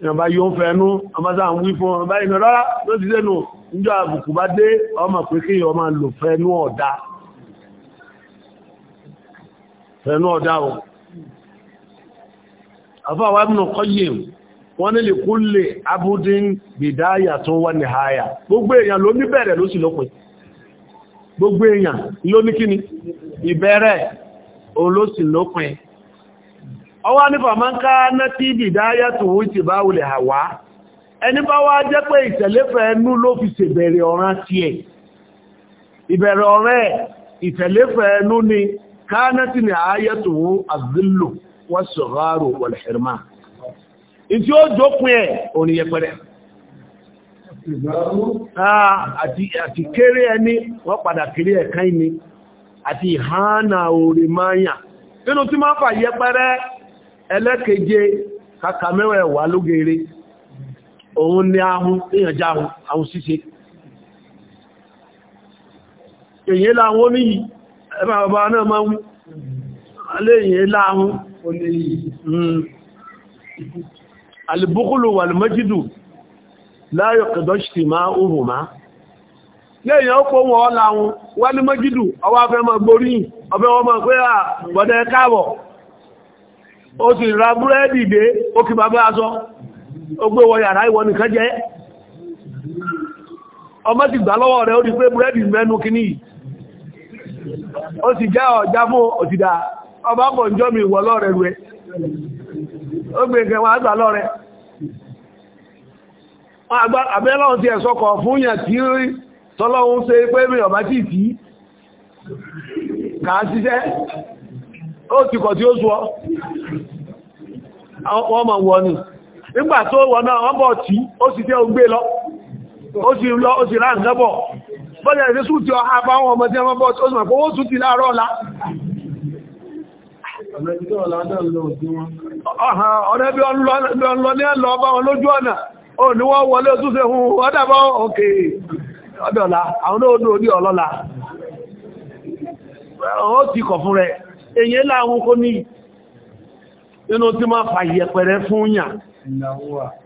ìyàn bá yóò fẹ́ ẹnu ọmọ sáà ń wí fún ọmọ báyìí rárá ló ti sẹ́nu níjọ́ àbùkù bá dé ọmọ pé kéyàn ọmọ lò fẹ́ẹ̀nú ọ̀dá fẹ́ẹ̀nú ọ̀dá o afáwà Ibn Qayyim wọ́n ní kúlè abúdín bìdáyà tó wà ní háyà gbogbo èèyàn ló ní bẹ̀rẹ̀ ló sì lópin gbogbo èèyàn ló ní kíni ìbẹ̀rẹ̀ olóṣìn lópin ọwá nípa máa ń ká ná tí ìdáyà tó ń ti bá wulẹ̀ àwá ẹni bá wá jẹ́ pé ìtẹ̀léfẹ́ ẹnú ló fi ṣèbẹ̀rẹ̀ ọ̀ràn ti ẹ̀ ìbẹ̀rẹ̀ ọ̀rẹ́ ìtẹ̀léfẹ́ ẹnú ni ká ná tí ní àáyẹ tó ń àzílò wọ́n sọ̀rọ̀ wọ̀lẹ̀ Ah, àti kéré ẹni wọ́n padà kéré ẹ̀kan ẹni àti ìhánà orí máyà nínú tí máa fà yẹ pẹ́rẹ́ ẹlẹ́keje kàkà mẹ́wẹ̀ wà lógere òun ni ahun èyànjá ahun ṣíṣe èyí láhun ó níyì ẹbà bàbá náà máa wú aléyìn láhun ó níyì hmm. alìbúkúlù wà lè mẹ́jìdù láyé kẹdọ́ṣì máa òhùn máa lẹ́yìn ọkọ̀ wọn ọlá wọn wá ní mọ́gídù ọwá fẹ́ máa gborí ọfẹ́ wọn máa pé à káàbọ̀ ó sì ra búrẹ́dì dé ó kí bàbá aṣọ ó gbé wọ yàrá ìwọ nìkan jẹ́ ọmọ ti gbà lọ́wọ́ rẹ̀ ó pé búrẹ́dì mẹ́nu mi rẹ̀ ó gbà lọ́rẹ̀ àbẹ́lọ́run ti ẹ̀sọ́kọ̀ fún yàn tí ó rí tọ́lọ́run ṣe pé mi ọ̀bá tí tí kàá síṣẹ́ ó ti kọ̀ tí ó sọ wọ́n ma ni nígbà tó wọ náà wọ́n bọ̀ tí ó sì tẹ́ ogbé lọ ó sì lọ ó sì sùn ọha bá wọn ọmọ tí wọ́n bọ̀ òníwọ́ wọlé òtúnṣe hun ọdàbọ́ òkè ọdọ̀lá àwọn olóòdó ní ọlọ́lá ó ti kọ̀ fún rẹ̀ èyí láwọn kó ní inú tí máa fàyẹ pẹ̀rẹ fún yàn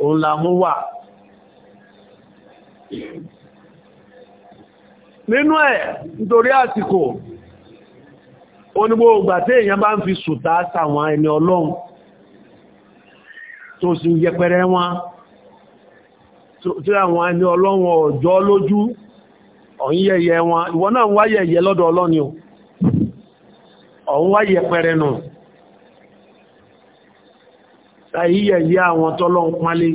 òun làmú wà nínú ẹ̀ nítorí àsìkò onígbò ògbà tí èyàn bá ń fi sùtá sàwọn ẹni ọlọ́run tó sì yẹpẹrẹ wọn tí àwọn ẹni ọlọ́run ọ̀jọ́ lójú ọ̀hún wọn ìwọ náà ń wá yẹ̀yẹ lọ́dọ̀ ọlọ́ni o ọ̀hún wá yẹpẹrẹ nù láyé àwọn tọ́lọ́ ń pánlé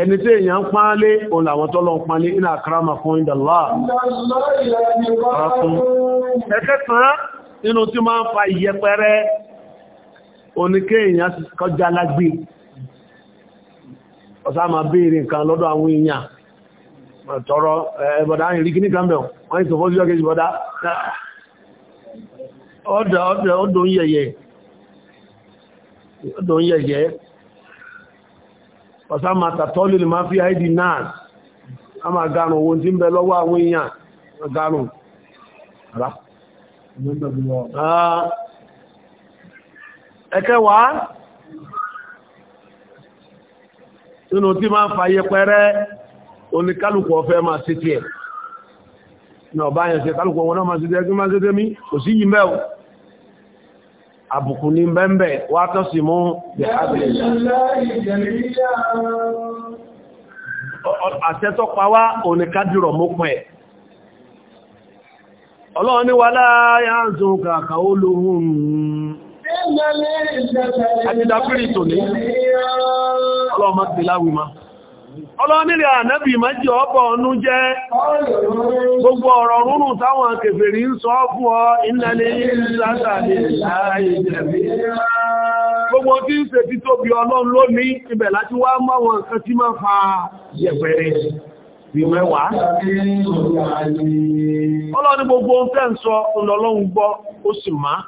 ẹni tí èyàn ń pánlé òun làwọn tọ́lọ́ ń pánlé iná àkàràmà fún ìdàlá ọ̀sá máa béèrè nǹkan lọ́dọ̀ àwọn èèyàn tọrọ ẹ̀bọ̀dá ìrí kí ní kan bẹ̀rún wọ́n ìsọ̀fọ́ sí ọkẹ́ ìbọ̀dá ọdún yẹ̀yẹ̀ ọ̀sá máa tàtọ́lù lè máa fi àìdì náà a máa gánù owó tí ń bẹ lọ́wọ́ àwọn èèyàn gánù nínú tí máa ń fa yẹpẹrẹ oníkálùkù ọ̀fẹ́ máa ṣe tiẹ̀ ní ọ̀bá yẹn kálùkù wọn máa ṣe tiẹ̀ kí máa ṣe tẹ́mí kò sí yìí mẹ́ o àbùkù ní bẹ́ẹ̀bẹ̀ wá tọ́ sí mú àṣẹ́tọ́ Àti dáfírí tò ní, ọlọ́mọ ti láwí ma. Ọlọ́nílẹ̀ ànábì má jẹ́ ọ̀pọ̀ ọ̀nú jẹ́ gbogbo ọ̀rọ̀ rúrùn táwọn kèfèrí ń sọ fún ọ ìnàlẹ̀ ìlàtàlẹ̀ láàáyé jẹ̀mí. Gbogbo tí ń ṣe títóbi ọlọ́run lónìí ibẹ̀ láti wá máwọn nǹkan tí máa fa yẹ̀pẹ̀rẹ̀ bí mẹ́wàá. Ọlọ́ni gbogbo ń fẹ́ ń sọ ọlọ́run gbọ́ ó sì máa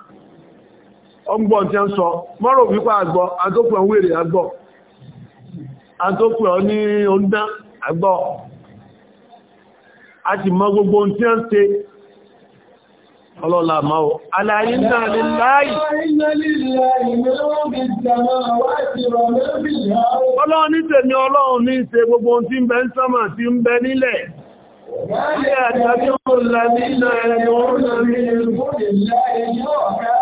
ọgbọ́n tí ó ń sọ mọ́rọ̀ wípa àgbọ́ àtókù ọ̀n wèrè àgbọ́ àtókù ọ̀ ní oúnjẹ àgbọ́ a ti mọ gbogbo tí ń ṣe ọlọ́la máa aláyé náà lè láàyè ọlọ́run ní tèmi ṣe gbogbo tí ń bẹ ń sánmà tí ń bẹ nílẹ̀ Láàrín àtàbí òun ìgbòdè láàrín yóò fẹ́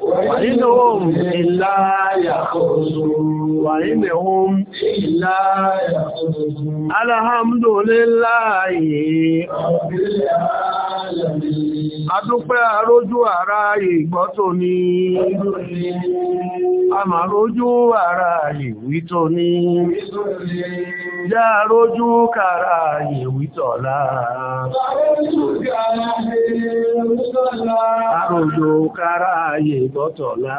وإنهم إلا يخرجون وإنهم إلا يخرجون الحمد لله رب العالمين Adúpẹ́ arójú ara ìgbọ́ tó ní, a ara ìwí tó ní, já kọ́tọ̀lá.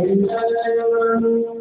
Thank you.